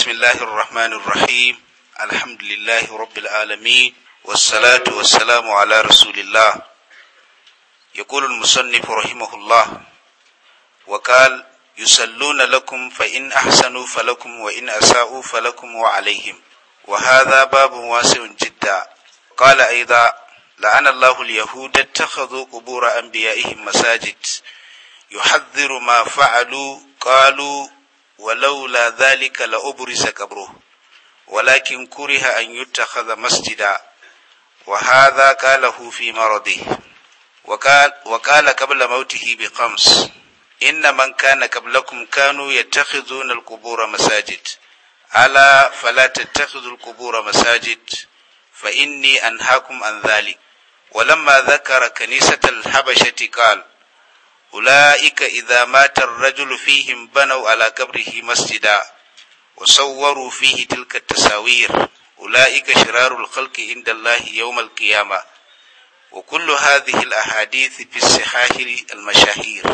بسم الله الرحمن الرحيم الحمد لله رب العالمين والصلاة والسلام على رسول الله يقول المصنف رحمه الله وقال يسلون لكم فإن أحسنوا فلكم وإن أساءوا فلكم وعليهم وهذا باب واسع جدا قال أيضا لعن الله اليهود اتخذوا قبور أنبيائهم مساجد يحذر ما فعلوا قالوا ولولا ذلك لأبرز قبره ولكن كره أن يتخذ مسجدا وهذا قاله في مرضه وقال, وقال قبل موته بقمص إن من كان قبلكم كانوا يتخذون القبور مساجد ألا فلا تتخذوا القبور مساجد فإني أنهاكم عن ذلك ولما ذكر كنيسة الحبشة قال أولئك إذا مات الرجل فيهم بنوا على قبره مسجدا وصوروا فيه تلك التساوير أولئك شرار الخلق عند الله يوم القيامة وكل هذه الأحاديث في الصحاح المشاهير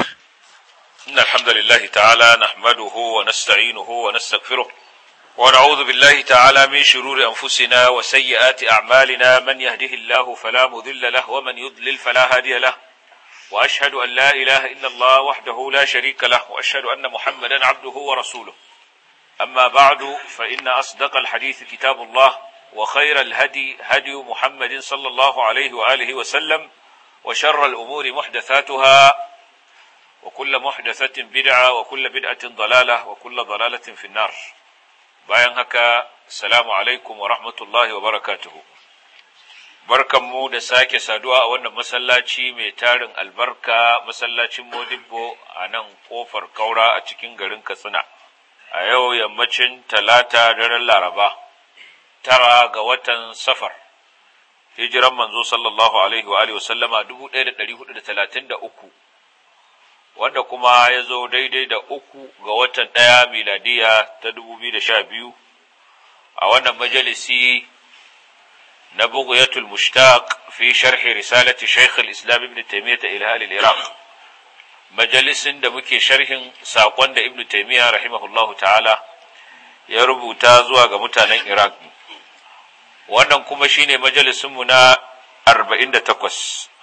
إن الحمد لله تعالى نحمده ونستعينه ونستغفره ونعوذ بالله تعالى من شرور أنفسنا وسيئات أعمالنا من يهده الله فلا مذل له ومن يضلل فلا هادي له واشهد ان لا اله الا الله وحده لا شريك له واشهد ان محمدا عبده ورسوله اما بعد فان اصدق الحديث كتاب الله وخير الهدي هدي محمد صلى الله عليه واله وسلم وشر الامور محدثاتها وكل محدثه بدعه وكل بدعه ضلاله وكل ضلاله في النار باين هكا السلام عليكم ورحمه الله وبركاته barkanmu da sake saduwa a wannan masallaci mai tarin albarka masallacin modibbo a nan kofar kaura a cikin garin katsina a yau yammacin talata daren laraba tara ga watan safar hijiran manzo sallallahu alaihi wa alihi wasallama 1433 wanda kuma ya zo daidai da uku ga watan ɗaya miladiya ta 2012 a wannan majalisi na bughyatul mushtaq fi sharhin risalati shaykh al-islam ibn taymiyyah ila ahli al-iraq da muke sharhin sakon da ibn taymiyyah rahimahullahu ta'ala ya rubuta zuwa ga mutanen Irak. wannan kuma shine majalisinmu na 48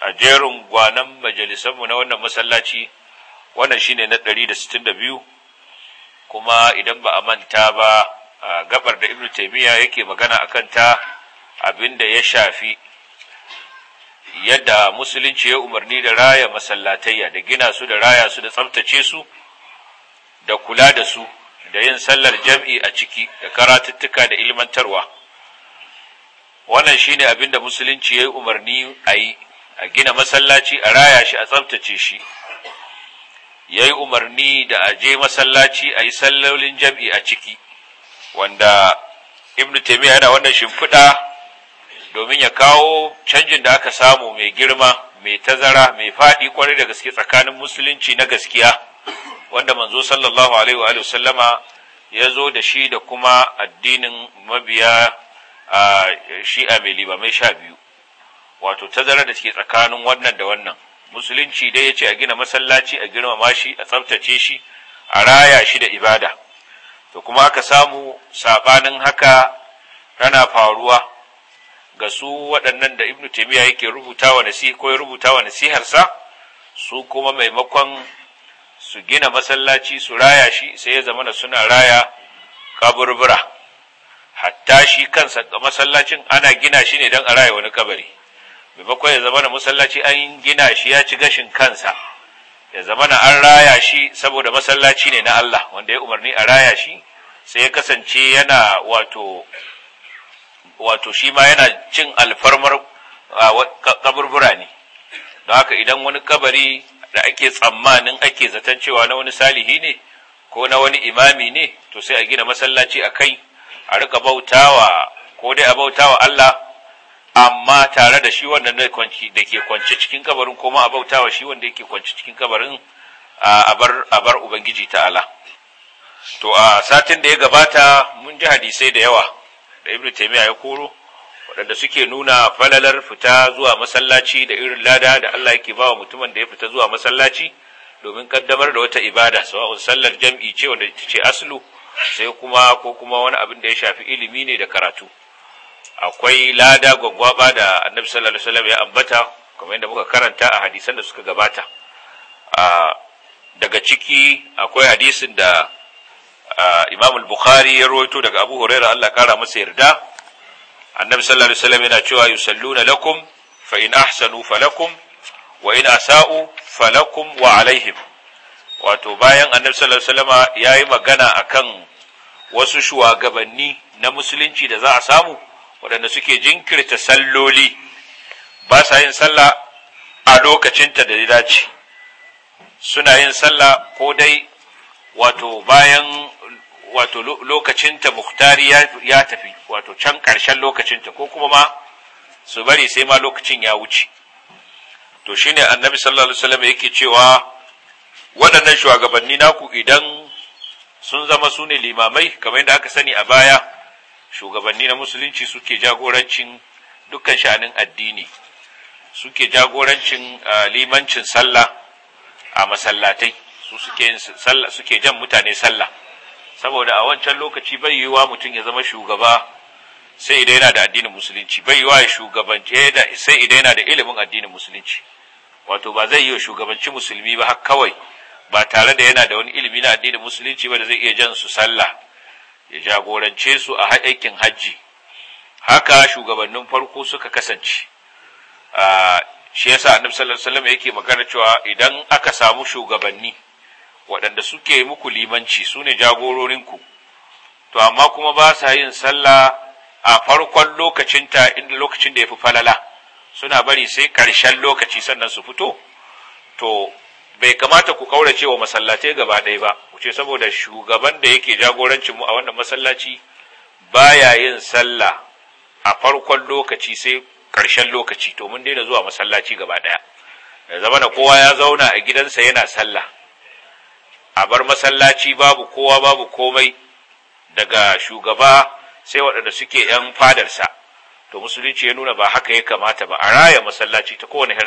a jerin gwanan majalisanmu na wannan masallaci wannan shine na 162 kuma idan ba a manta ba gabar da ibnu taymiya yake magana a kanta. abinda ya shafi yadda musulunci ya umarni da raya masallatayya da gina su da raya su da tsabtace su da kula da su da yin sallar jam'i a ciki da karatuttuka da ilmantarwa wannan shine abinda musulunci ya umarni a yi a gina masallaci a raya shi a tsabtace shi ya yi umarni da a je masallaci a yi sallolin jam'i a ciki wanda ibn taimiyya yana wannan shimfiɗa domin ya kawo canjin da aka samu mai girma mai tazara mai faɗi kwarai da gaske tsakanin musulunci na gaskiya wanda manzo sallallahu alaihi wa sallama ya zo da shi da kuma addinin mabiya a shi'a mai limamai sha biyu wato tazara da ke tsakanin wannan da wannan musulunci dai ya ce a gina masallaci a girmama shi a tsabtace shi a raya shi da ibada to kuma aka samu saɓanin haka tana faruwa ga su waɗannan da ibnu taimiyya yake rubuta wa ko ya rubuta wa nasiharsa su kuma maimakon su gina masallaci su raya shi sai ya zamana suna raya kaburbura hatta shi kansa masallacin ana gina shi ne don a raya wani kabari maimakon ya zamana masallaci an gina shi ya ci gashin kansa ya zamana an raya shi saboda masallaci ne na Allah wanda ya umarni a raya shi sai ya kasance yana wato wato shi ma yana cin alfarmar kaburbura ne don haka idan wani kabari da ake tsammanin ake zaton cewa na wani salihi ne ko na wani imami ne to sai a gina masallaci a kai a rika bautawa ko dai a bautawa Allah amma tare da shi wannan da ke kwance cikin kabarin ko ma a bautawa shi wanda yake kwance cikin kabarin a bar ubangiji ta'ala to a satin da ya gabata mun ji hadisai da yawa da ibnu taymiya ya koro waɗanda suke nuna falalar fita zuwa masallaci da irin lada da Allah yake bawa mutumin da ya fita zuwa masallaci domin kaddamar da wata ibada sawa'un sallar jam'i ce wanda ita ce aslu sai kuma ko kuma wani abin da ya shafi ilimi ne da karatu akwai lada gwaggwaba da annabi sallallahu alaihi wasallam ya ambata kamar yadda muka karanta a hadisan da suka gabata ah, daga ciki akwai hadisin da Imam bukhari ya rawaito daga Abu Hurairah Allah kara masa yarda Annabi sallallahu alaihi wasallam yana cewa yusalluna lakum fa in ahsanu falakum wa in asa'u falakum wa alaihim wato bayan Annabi sallallahu alaihi wasallam yayi magana akan wasu shugabanni na musulunci da za a samu waɗanda suke jinkirta salloli ba sa yin sallah a lokacinta da ya dace suna yin sallah ko dai wato bayan wato lokacinta muhtari ya tafi wato can ƙarshen lokacinta ko kuma ma su bari sai ma lokacin ya wuce to shine annabi sallallahu alaihi wasallam yake cewa waɗannan shugabanni naku idan sun zama su ne limamai kamar yadda aka sani a baya shugabanni na musulunci suke jagorancin dukkan sha'anin addini suke jagorancin limancin sallah a masallatai su suke jan mutane sallah saboda a wancan lokaci bai yiwuwa mutum ya zama shugaba sai idan yana da addinin musulunci bai yiwuwa ya shugabance sai idan yana da ilimin addinin musulunci wato ba zai wa shugabanci musulmi ba har kawai ba tare da yana da wani ilimi na addinin musulunci ba da zai iya jan su sallah ya jagorance su a aikin hajji haka shugabannin farko suka kasance ah, shi yasa annabi sallallahu alaihi wasallam yake magana cewa idan aka samu shugabanni waɗanda suke muku limanci su ne jagororinku to amma kuma ba sa yin sallah a farkon lokacinta inda lokacin da ya fi falala suna bari sai ƙarshen lokaci sannan su fito to bai kamata ku ƙaurace wa masallatai gaba ɗaya ba ku ce saboda shugaban da yake jagorancin mu a wannan masallaci baya yin sallah a farkon lokaci sai ƙarshen lokaci to mun daina zuwa masallaci gaba ɗaya da zama da kowa ya zauna a gidansa yana sallah a bar masallaci babu kowa babu komai daga shugaba sai waɗanda suke ‘yan fadarsa to musulunci ya nuna ba haka ya kamata ba a raya masallaci ta kowane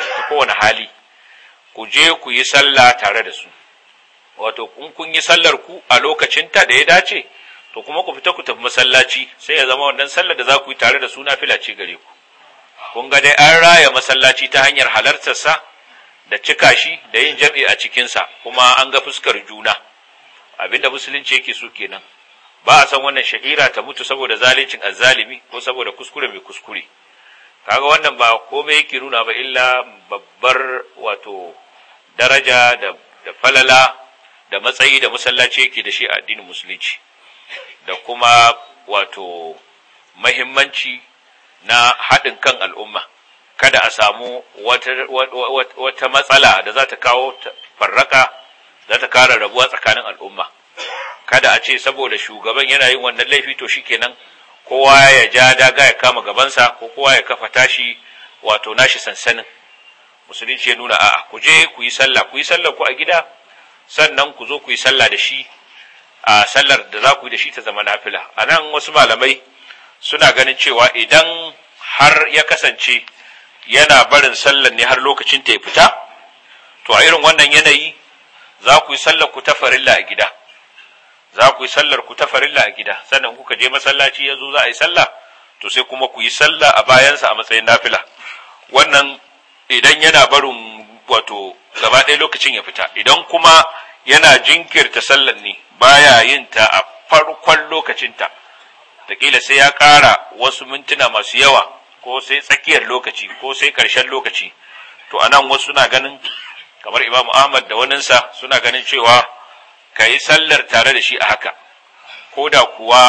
hali ku je ku yi sallah tare da su wato in kun yi sallar ku a lokacinta da ya dace to kuma ku fita ku tafi masallaci sai ya zama wannan sallar da za ku yi tare da su na ce gare ku kun ga dai an raya masallaci ta hanyar halartarsa da cika shi da yin jam'i a cikinsa kuma an ga fuskar juna abinda musulunci yake so kenan ba a san wannan sha'ira ta mutu saboda zalincin azzalimi ko saboda kuskure mai kuskure kaga wannan ba komai yake nuna ba illa babbar wato daraja da, falala da matsayi da masallaci yake da shi a addinin musulunci da kuma wato mahimmanci na haɗin kan al'umma kada a samu wata matsala da za ta kawo farraka za ta kara rabuwa tsakanin al'umma kada a ce saboda shugaban yana yin wannan laifi to shi shikenan kowa ya ja daga ya kama gabansa ko kowa ya kafa tashi wato nashi sansanin musulunci ya nuna a'a ku je ku yi sallah ku yi sallah ku a gida sannan ku zo ku yi sallah da shi a sallar da za ku yi da shi ta zama nafila a nan wasu malamai suna ganin cewa idan har ya kasance yana barin sallar ne har lokacin ta ya fita to a irin wannan yanayi za ku yi sallar ku ta farilla a gida za ku yi sallar ku ta farilla a gida sannan kuka je masallaci ya zo za a yi sallah to sai kuma ku yi sallah a bayansa a matsayin nafila wannan idan yana barin wato gaba ɗaya lokacin ya fita idan kuma yana jinkirta sallar ne baya yin ta a farkon lokacinta ta kila sai ya ƙara wasu mintuna masu yawa ko sai tsakiyar lokaci ko sai ƙarshen lokaci to anan wasu suna ganin kamar imamu ahmad da waninsa suna ganin cewa ka yi sallar tare da shi a haka ko da kuwa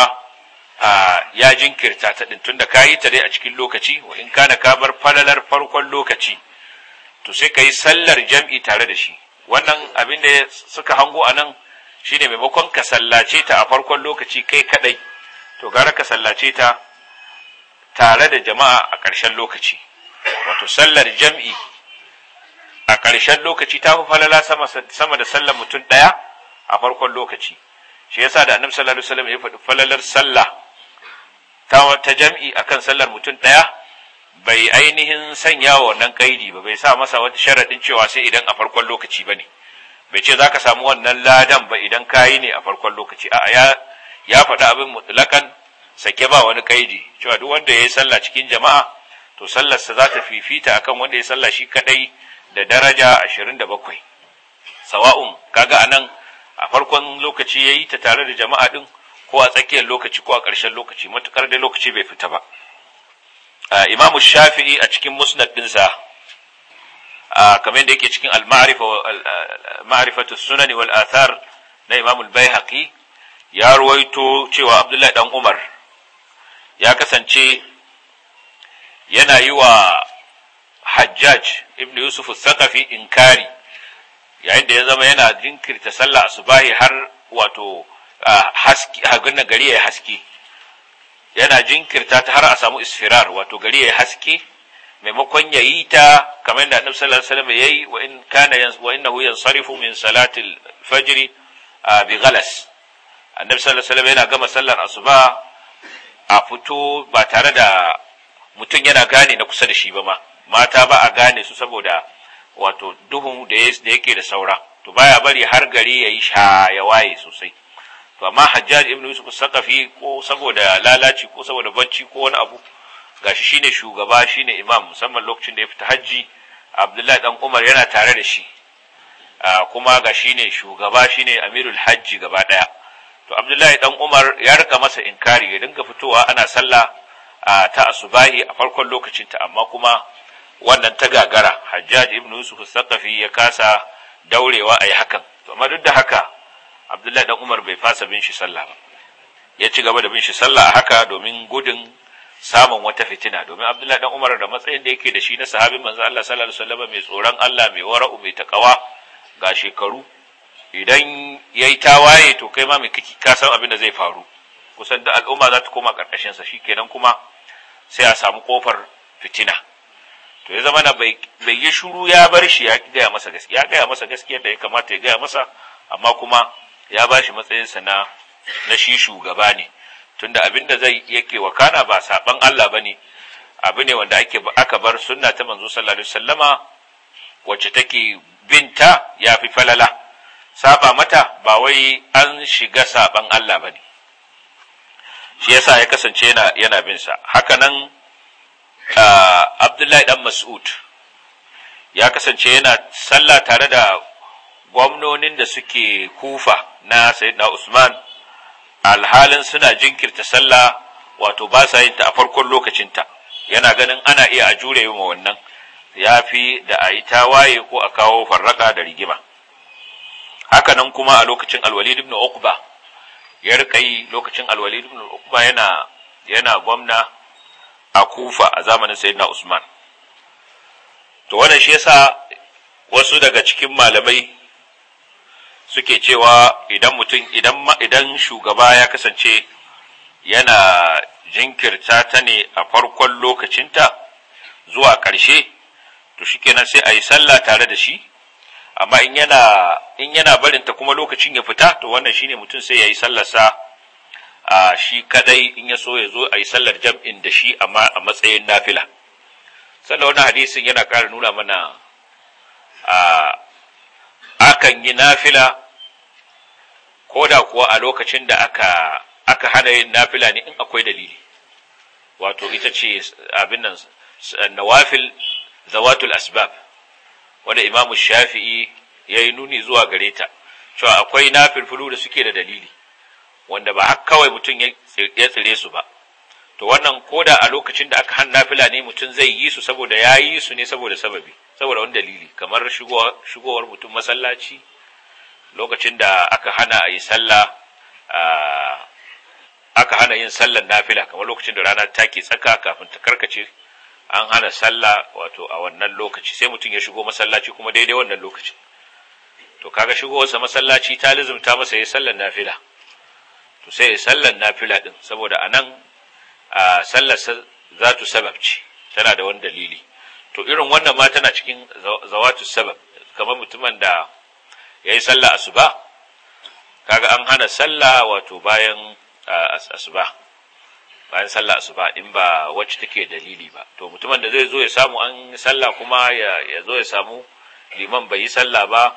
ya jinkirta ta ɗin tunda ka yi ta dai a cikin lokaci wa in kana ka bar falalar farkon lokaci to sai ka yi sallar jam'i tare da shi wannan abin da suka hango a nan shine maimakon ka sallace ta a farkon lokaci kai kaɗai to gara ka sallace ta tare da jama'a a ƙarshen lokaci wato sallar jam'i a ƙarshen lokaci ta fi falala sama da sallar mutum ɗaya a farkon lokaci shi yasa da annabi sallallahu alaihi wasallam ya faɗi falalar sallah ta jam'i akan sallar mutum ɗaya bai ainihin sanya wa wannan kaidi ba bai sa masa wata sharaɗin cewa sai idan a farkon lokaci ba ne bai ce za ka samu wannan ladan ba idan kayi ne a farkon lokaci A'a ya faɗi abin mutlakan sake ba wani kaidi cewa duk wanda ya yi sallah cikin jama'a to sallar sa za ta fifita akan wanda ya sallah shi kadai da daraja 27 sawa'un kaga anan a farkon lokaci yayi ta tare da jama'a din ko a tsakiyar lokaci ko a ƙarshen lokaci matukar da lokaci bai fita ba Imam Shafi'i a cikin musnad dinsa kamar yadda yake cikin al-ma'rifa ma'rifatu sunani wal athar na Imam al-Baihaqi ya ruwaito cewa Abdullahi dan Umar ya kasance yana yi wa hajjaj ibn yusuf sakafi inkari yayin da ya zama yana jinkirta sallah su asubahi har wato haski hagunna gari ya haske yana jinkirta ta har a samu isfirar wato gari ya haske maimakon ya yi ta kamar yadda annabi sallallahu alaihi wasallam yayi wa in kana wa innahu yansarifu min salati al-fajr bi ghalas annabi sallallahu alaihi wasallam yana gama sallar asuba a fito ba tare da mutum yana gane na kusa da shi ba ma mata ba a gane su saboda wato duhun da yake da saura to baya bari har gari ya yi sha ya waye sosai to amma hajjaj ibn yusuf sakafi ko saboda lalaci ko saboda bacci ko wani abu gashi shine shugaba shine imam musamman lokacin da ya fita hajji abdullahi dan umar yana tare da shi ah, kuma ga shine shugaba shine amirul hajji gaba daya to abdullahi dan umar ya rika masa inkari ya dinga fitowa ana sallah ta asubahi a farkon lokacinta amma kuma wannan ta gagara hajjaj ibn yusuf sakafi ya kasa daurewa a yi hakan to amma duk da haka abdullahi dan umar bai fasa bin shi sallah ba ya ci gaba da bin shi sallah a haka domin gudun samun wata fitina domin abdullahi dan umar da matsayin da yake da shi na sahabin manzo Allah sallallahu alaihi wasallam mai tsoron Allah mai wara'u mai takawa ga shekaru idan ya yayi tawaye to kai ma me ka san abin da zai faru kusan da al'umma za ta koma karkashin sa kenan kuma sai a samu kofar fitina to ya zama na bai yi shuru ya bar shi ya gaya masa gaskiya ya gaya masa gaskiya da ya kamata ya gaya masa amma kuma ya ba shi matsayinsa na na shi shugaba ne tunda abin da zai yake wakana ba saban Allah ba ne abu ne wanda ake aka bar sunna ta manzo sallallahu alaihi wasallama wacce take binta ya fi falala saba mata ba wai an shiga saban Allah ba ne shi yasa ya kasance yana yana bin haka nan Abdullahi dan Mas'ud ya kasance yana sallah tare da gwamnonin da suke kufa na Sayyidina Usman alhalin suna jinkirta sallah wato ba sa yin ta a farkon lokacinta yana ganin ana iya a jure wa wannan ya fi da a yi tawaye ko a kawo farraka da rigima haka nan kuma a lokacin alwalid ibn uqba ya rika yi lokacin alwalid ibn uqba yana yana gwamna a kufa a zamanin sayyidina usman to wannan shi yasa wasu daga cikin malamai suke cewa idan mutum idan idan shugaba ya kasance yana jinkirta ta ne a farkon lokacinta zuwa ƙarshe to shikenan sai ayi sallah tare da shi amma in yana in yana barinta kuma lokacin ya fita to wannan shine mutum sai ya yi sallarsa a shi kadai in ya so ya zo a yi sallar jam'in da shi amma a matsayin nafila sannan wannan hadisin yana ƙara nuna mana a akan yi nafila ko da kuwa a lokacin da aka aka hana yin nafila ne in akwai dalili wato ita ce abin nan nawafil zawatul asbab wanda imamu shafi'i ya yi nuni zuwa gare ta cewa akwai nafilfilu da suke da dalili wanda ba haka kawai mutum ya tsire su ba to wannan koda a lokacin da aka hanna nafila ne mutum zai yi su saboda ya yi su ne saboda sababi saboda wani dalili kamar shigowar mutum masallaci lokacin da aka hana a yi sallah aka hana yin sallar nafila kamar lokacin da rana take tsaka kafin ta karkace an hana sallah wato a wannan lokaci sai mutum ya shigo masallaci kuma daidai wannan lokaci to kaga shigowarsa masallaci ta lizumta masa ya sallar nafila to sai sallar nafila din saboda anan a sallar za ta sababci tana da wani dalili to irin wannan ma tana cikin zawatu sabab kamar mutumin da ya yi sallah asuba kaga an hana sallah wato bayan asuba bayan sallah asuba in ba wacce take dalili ba to mutumin da zai zo ya samu an sallah kuma ya zo ya samu liman bai yi sallah ba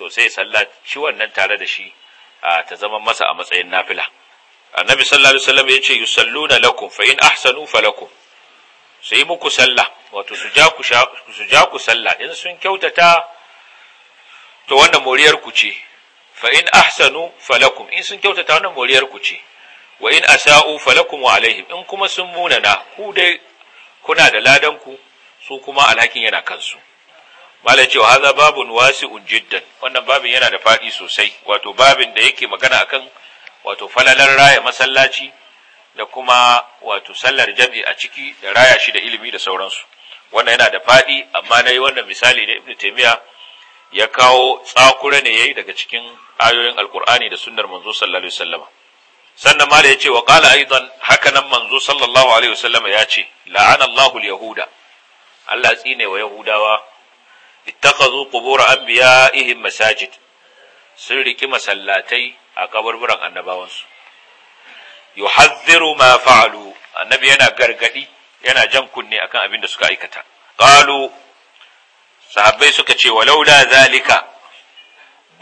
to sai sallaci wannan tare da shi ta zama masa a matsayin nafila annabi sallallahu alaihi wasallam yace yusalluna lakum fa in ahsanu falakum su yi muku sallah wato su ja ku su ja ku sallah in sun kyautata to wannan moriyar ku ce fa in ahsanu falakum in sun kyautata wannan moriyar ku ce wa in asa'u falakum wa alaihim in kuma sun munana ku dai kuna da ladan ku su kuma alhakin yana kansu malai cewa haza babun wasi'un jiddan wannan babin yana da fadi sosai wato babin da yake magana akan wato falalar raya masallaci da kuma wato sallar jam'i a ciki da raya shi da ilimi da sauransu wannan yana da fadi amma nayi wannan misali ne ibnu taymiya ya kawo tsakura ne yayi daga cikin ayoyin Alƙur'ani da sunnar manzo sallallahu alaihi wasallam sannan ma da ya ce wa ƙala aidan haka nan manzo sallallahu alaihi wasallam ya ce la'anallahu yahuda Allah tsine wa yahudawa ittakhadhu qubur anbiya'ihim masajid sun riki masallatai a kaburburan annabawansu yuhadhdhiru ma fa'alu annabi yana gargadi yana jan kunne akan abin da suka aikata qalu sahabbai suka ce walaula zalika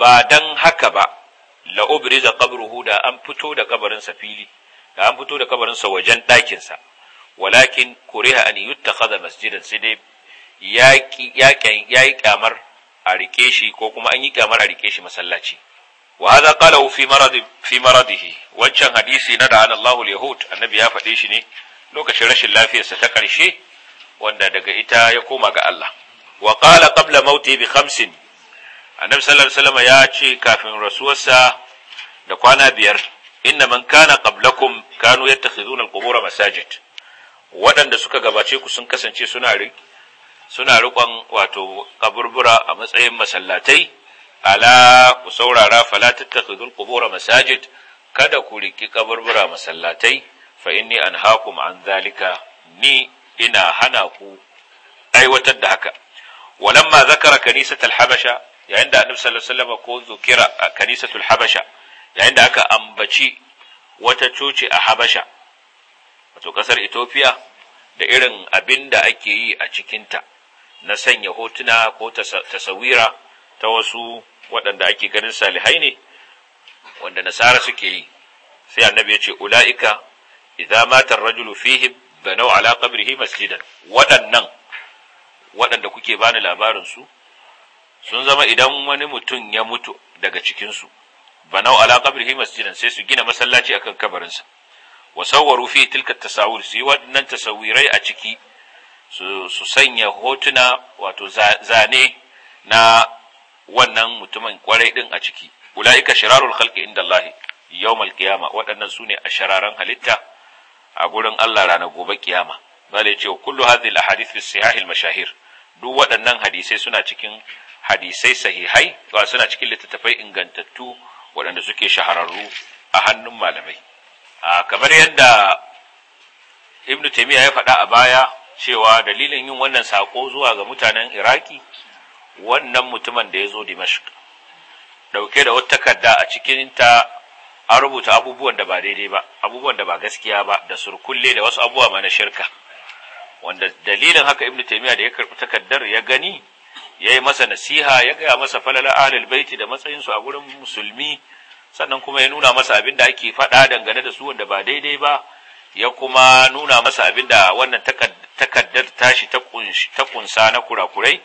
ba dan haka ba la ubriza qabruhu da an fito da kabarin sa fili da an fito da kabarin sa wajen ɗakin sa walakin kuriha an yuttakhadha masjidan sai dai yaki yayi kyamar a rike shi ko kuma an yi kyamar a rike shi masallaci wa hadha qalahu fi marad fi maradihi wancan hadisi na da Allahu al-yahud annabi ya faɗe shi ne lokacin rashin lafiyarsa ta ƙarshe wanda daga ita ya koma ga Allah wa qala qabla mauti bi khamsin annabi sallallahu alaihi wasallam ya ce kafin rasuwarsa da kwana biyar inna man kana qablakum kanu yattakhidhuna al kubura masajid waɗanda suka gabace ku sun kasance suna suna riƙon wato kaburbura a matsayin masallatai ala ku saurara fala tattakhidhul kubura masajid kada ku riki kaburbura masallatai fa inni anhaakum an zalika ni ina hana ku aiwatar da haka walamma zakara kanisat al-habasha yayin da annabi sallallahu alaihi wasallam ko zukira a kanisatul habasha yayin da aka ambaci wata coci a habasha wato kasar ethiopia da irin abin da ake yi a cikinta na sanya hotuna ko tasawira ta wasu waɗanda ake ganin salihai ne wanda nasara suke yi sai annabi ya ce ula'ika idza mata rajulu fihim banau ala qabrihi masjidan waɗannan waɗanda kuke bani labarin su sun zama idan wani mutum ya mutu daga cikinsu banau ala qabrihi masjidan sai su gina masallaci akan kabarinsa wa sawwaru fi tilka tasawir su yi waɗannan tasawirai a ciki su sanya hotuna wato zane na wannan mutumin kwarai din a ciki ulaika shirarul khalqi inda Allah yawmal qiyama waɗannan sune a shararan halitta a gurin Allah rana gobe kiyama ya ce kullu hadhihi al ahadith fi sihahil mashahir duk waɗannan hadisai suna cikin hadisai sahihai to suna cikin littattafai ingantattu waɗanda suke shahararru a hannun malamai kamar yadda ibn taimiyya ya faɗa a baya cewa dalilin yin wannan saƙo zuwa ga mutanen iraki wannan mutumin da ya zo dimashik ɗauke da wata takarda a cikin ta an rubuta abubuwan da ba daidai ba abubuwan da ba gaskiya ba da surkulle da wasu abubuwa ma na shirka wanda dalilin haka Ibn taimiyya da ya karɓi takardar ya gani ya yi masa nasiha ya gaya masa falala ahlul baiti da matsayinsu a gurin musulmi sannan kuma ya nuna masa abin da ake faɗa dangane da su wanda ba daidai ba ya kuma nuna masa abin da wannan takardar tashi ta kunsa na kurakurai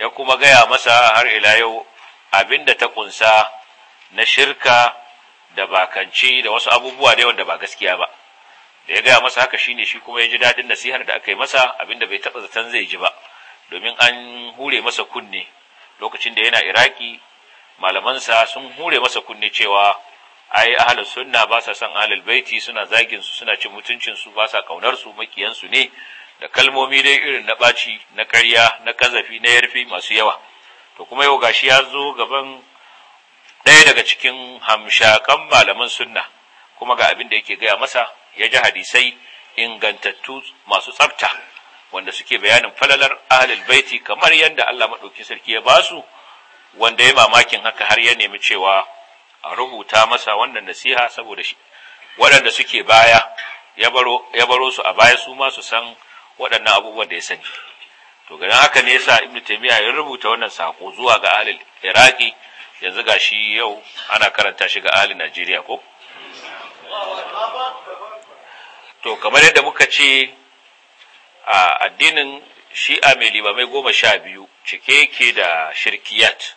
ya kuma gaya masa har ila yau abin da ta kunsa na shirka da bakanci da wasu abubuwa da wanda ba gaskiya ba da ya gaya masa haka shine shi kuma ya ji daɗin nasihar da aka yi masa abin da bai taɓa zaton zai ji ba domin an hure masa kunne lokacin da yana iraki malamansa sun hure masa kunne cewa ai ahlus sunna ba sa son ahlul baiti suna zagin su suna cin mutuncin su ba sa kaunar su makiyan ne da kalmomi dai irin na baci na karya, na kazafi na yarfi masu yawa to kuma yau gashi ya zo gaban ɗaya daga cikin hamshakan malaman sunna kuma ga abin da yake gaya masa ya ji hadisai ingantattu masu tsafta wanda suke bayanin falalar ahlul baiti kamar yadda Allah maɗauki sarki ya ba su wanda ya mamakin haka har ya nemi cewa a rubuta masa wannan nasiha saboda shi waɗanda suke baya ya baro su a baya su ma su san waɗannan abubuwan da ya sani to ganin haka ne yasa ibnu taymiya ya rubuta wannan sako zuwa ga ahlul iraki yanzu ga shi yau ana karanta shi ga ahalin najeriya ko to kamar yadda muka ce a addinin shi'a mai limamai goma sha biyu cike ke da shirkiyat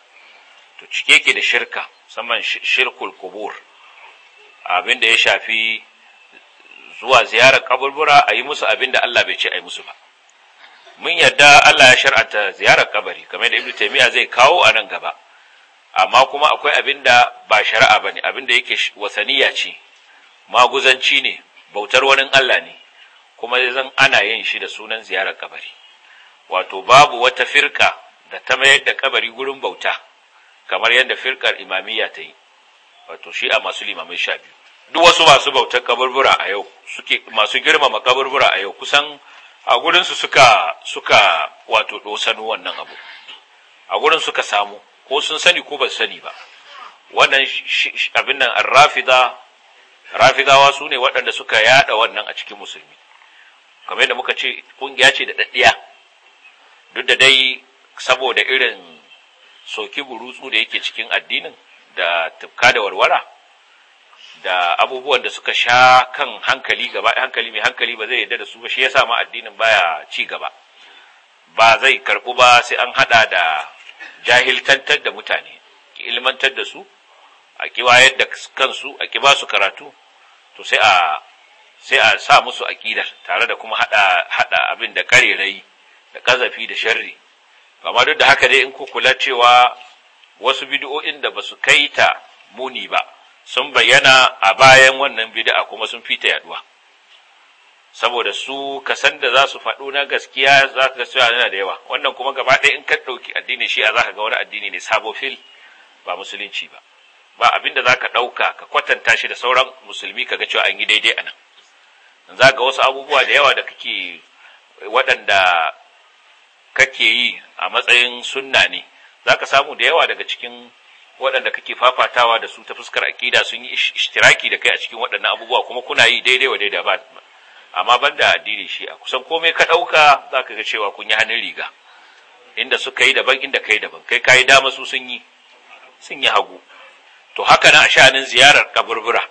to cike ke da shirka saman shirkul kubur abin da ya shafi zuwa ziyarar kaburbura a yi musu abin da Allah bai ce a yi musu ba mun yadda Allah ya shar'anta ziyarar kabari kamar da ibnu taymiya zai kawo a nan gaba amma kuma akwai abin da ba shari'a bane abin da yake wasaniya ce maguzanci ne bautar wani Allah ne kuma zan ana yin shi da sunan ziyarar kabari wato babu wata firka da ta mayar da kabari gurin bauta kamar yadda firkar imamiyya ta yi wato shi a masu limamin sha biyu duk wasu masu bautar kaburbura a yau suke masu girmama kaburbura a yau kusan a gurinsu suka suka wato dosanu wannan abu a gurin suka samu ko sun sani ko ba sani ba wannan abin nan rafida rafidawa su ne waɗanda suka yada wannan a cikin musulmi kamar da muka ce kungiya ce da daddiya duk da dai saboda irin soki burutsu da yake cikin addinin da tufka da warwara da abubuwan da suka sha kan hankali gaba hankali mai hankali ba zai yarda da su ba shi ya ma addinin baya ci gaba ba zai karbu ba sai an haɗa da jahiltantar da mutane ki ilmantar da su a kiwayar da kansu a ki ba su karatu to sai a sai a sa musu aƙidar tare da kuma haɗa abin da ƙarerai da ƙazafi da sharri amma duk da haka dai in ku kula cewa wasu bid'o'in da basu su kai ta muni ba sun bayyana a bayan wannan bid'a kuma sun fita yaduwa saboda su kasan da za su faɗo na gaskiya za ka ga yana da yawa wannan kuma gaba ɗaya in ka ɗauki addini shi a za ka ga wani addini ne sabo fil ba musulunci ba ba abinda za ka ɗauka ka kwatanta shi da sauran musulmi ka ga cewa an yi daidai a nan za ga wasu abubuwa da yawa da kake waɗanda kake yi a matsayin sunna ne za ka samu da yawa daga cikin waɗanda kake fafatawa da su ta fuskar aƙida sun yi ishtiraki da kai a cikin waɗannan abubuwa kuma kuna yi daidai wa daidai ba amma ban da addini shi a kusan komai ka ɗauka za ka ga cewa kun yi hannun riga inda su ka yi daban inda ka yi daban kai ka yi dama su sun yi sun yi hagu to haka nan a sha'anin ziyarar kaburbura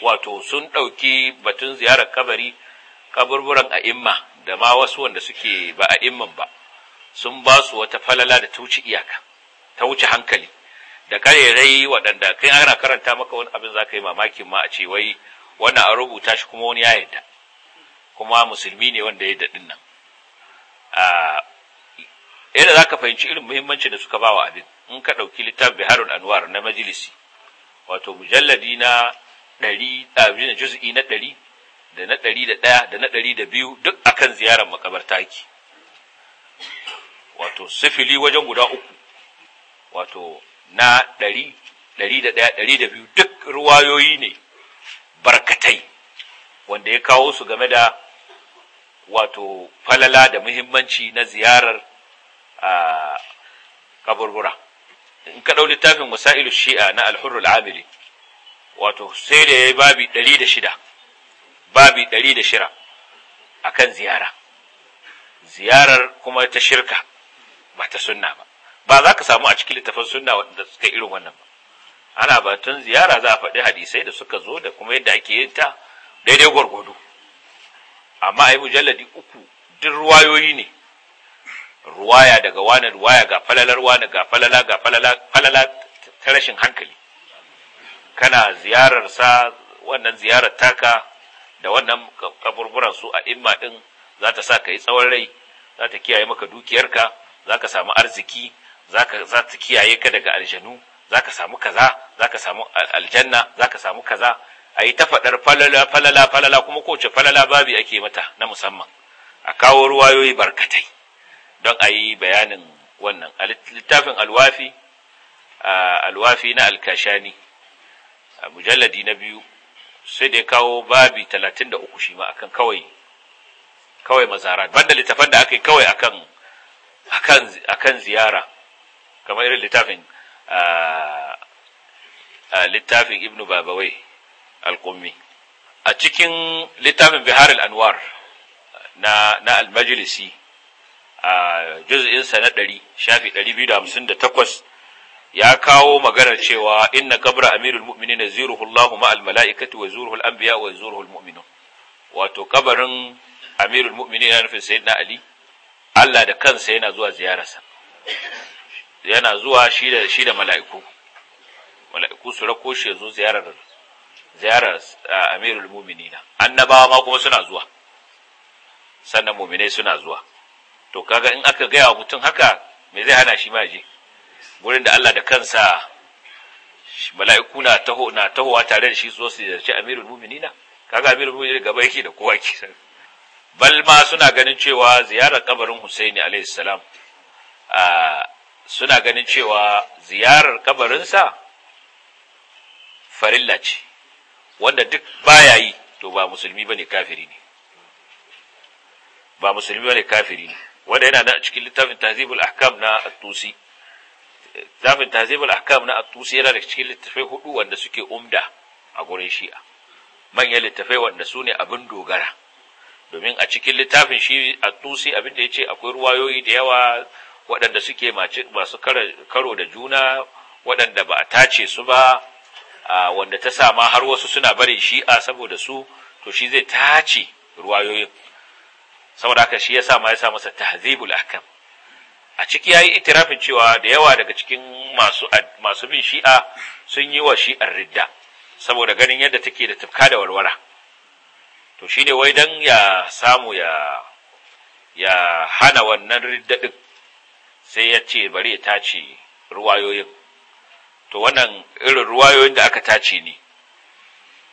wato sun ɗauki batun ziyarar kabari kaburburan imma, da ma wasu wanda suke ba a a'imman ba sun ba su wata falala da ta wuce iyaka ta wuce hankali da karerai waɗanda kai ana karanta maka wani abin za ka yi mamakin ma a ce wai wannan an rubuta shi kuma wani ya yadda kuma musulmi ne wanda ya daɗin nan yadda za ka fahimci irin muhimmancin da suka ba wa abin in ka ɗauki littafin biharun anwar na majalisi wato mujalladi na ɗari abin juz'i na ɗari da na ɗari da ɗaya da na ɗari da biyu duk akan ziyarar makabarta yake wato sifili wajen guda uku wato na ɗari ɗari da ɗaya ɗari da biyu duk ruwayoyi ne barkatai wanda ya kawo su game da wato falala da muhimmanci na ziyarar kaburbura in ka ɗau littafin wasa'ilu shi'a na alhurul amili wato sai da ya yi babi ɗari da shida babi ɗari da shira a kan ziyara ziyarar kuma ta shirka ba ta sunna ba ba za ka samu a cikin littafin sunna da suka irin wannan ba ana batun ziyara za a faɗi hadisai da suka zo da kuma yadda ake yin ta daidai gwargwado amma a yi mujalladi uku duk ruwayoyi ne ruwaya daga wani ruwaya ga falalar wani ga falala ga falala falala ta rashin hankali kana ziyararsa wannan ziyarar taka da wannan kaburburan su a imma din za ta sa ka yi tsawon rai za ta kiyaye maka dukiyarka za ka samu arziki za ta kiyaye ka daga aljanu za ka samu kaza za ka samu aljanna za ka samu kaza a yi ta faɗar falala falala falala kuma kowace falala babi ake mata na musamman a kawo ruwayoyi barkatai don a yi bayanin wannan littafin alwafi alwafi na alkashani a mujalladi na biyu sai da ya kawo babi talatin da uku shi ma kan kawai kawai mazarat banda littafan da aka yi kawai akan akan ziyara kamar irin littafin littafin ibnu babawai al-qummi a cikin littafin bihar al-anwar na na al-majlisi a juz'in sa na 100 shafi 258 ya kawo maganar cewa inna qabra amirul mu'minina ziruhu Allahu ma'al mala'ikati wa zuruhu al anbiya wa zuruhu mu'minun wato kabarin amirul mu'minina yana nufin sayyidina Ali Allah da kansa yana zuwa ziyararsa yana zuwa shi da shi da mala'iku mala'iku su rako shi zo ziyarar ziyarar amirul mu'minina annabawa ma kuma suna zuwa sannan mu'minai suna zuwa to kaga in aka gaya wa mutum haka me zai hana shi ma je Wurin da Allah da kansa mala'iku na taho na tahowa tare da shi so su ziyarci amirul mu'minina kaga amirul muminina gaba yake da kowa ke bal ma suna ganin cewa ziyarar kabarin Husaini alaihi salam suna ganin cewa ziyarar kabarinsa farilla ce wanda duk baya yi to ba musulmi bane kafiri ne ba musulmi bane kafiri ne wanda yana da cikin littafin tahzibul ahkam na at-tusi zafin tazibul ahkam na at-tusi yana da cikin littafai hudu wanda suke umda a gurin shi'a manyan littafai wanda su ne abin dogara domin a cikin littafin shi at-tusi abin da yace akwai ruwayoyi da yawa waɗanda suke masu karo da juna waɗanda ba a tace su ba wanda ta sama har wasu suna barin shi'a saboda su to shi zai tace ruwayoyin saboda haka shi yasa ma ya sa masa tahzibul ahkam a ciki yayi itirafin cewa da yawa daga cikin masu masu bin shi'a sun yi wa shi'ar ridda saboda ganin yadda take da tafka da warwara to shine wai dan ya samu ya ya hana wannan ridda din sai ya ce bari ya tace ruwayoyin to wannan irin ruwayoyin da aka tace ne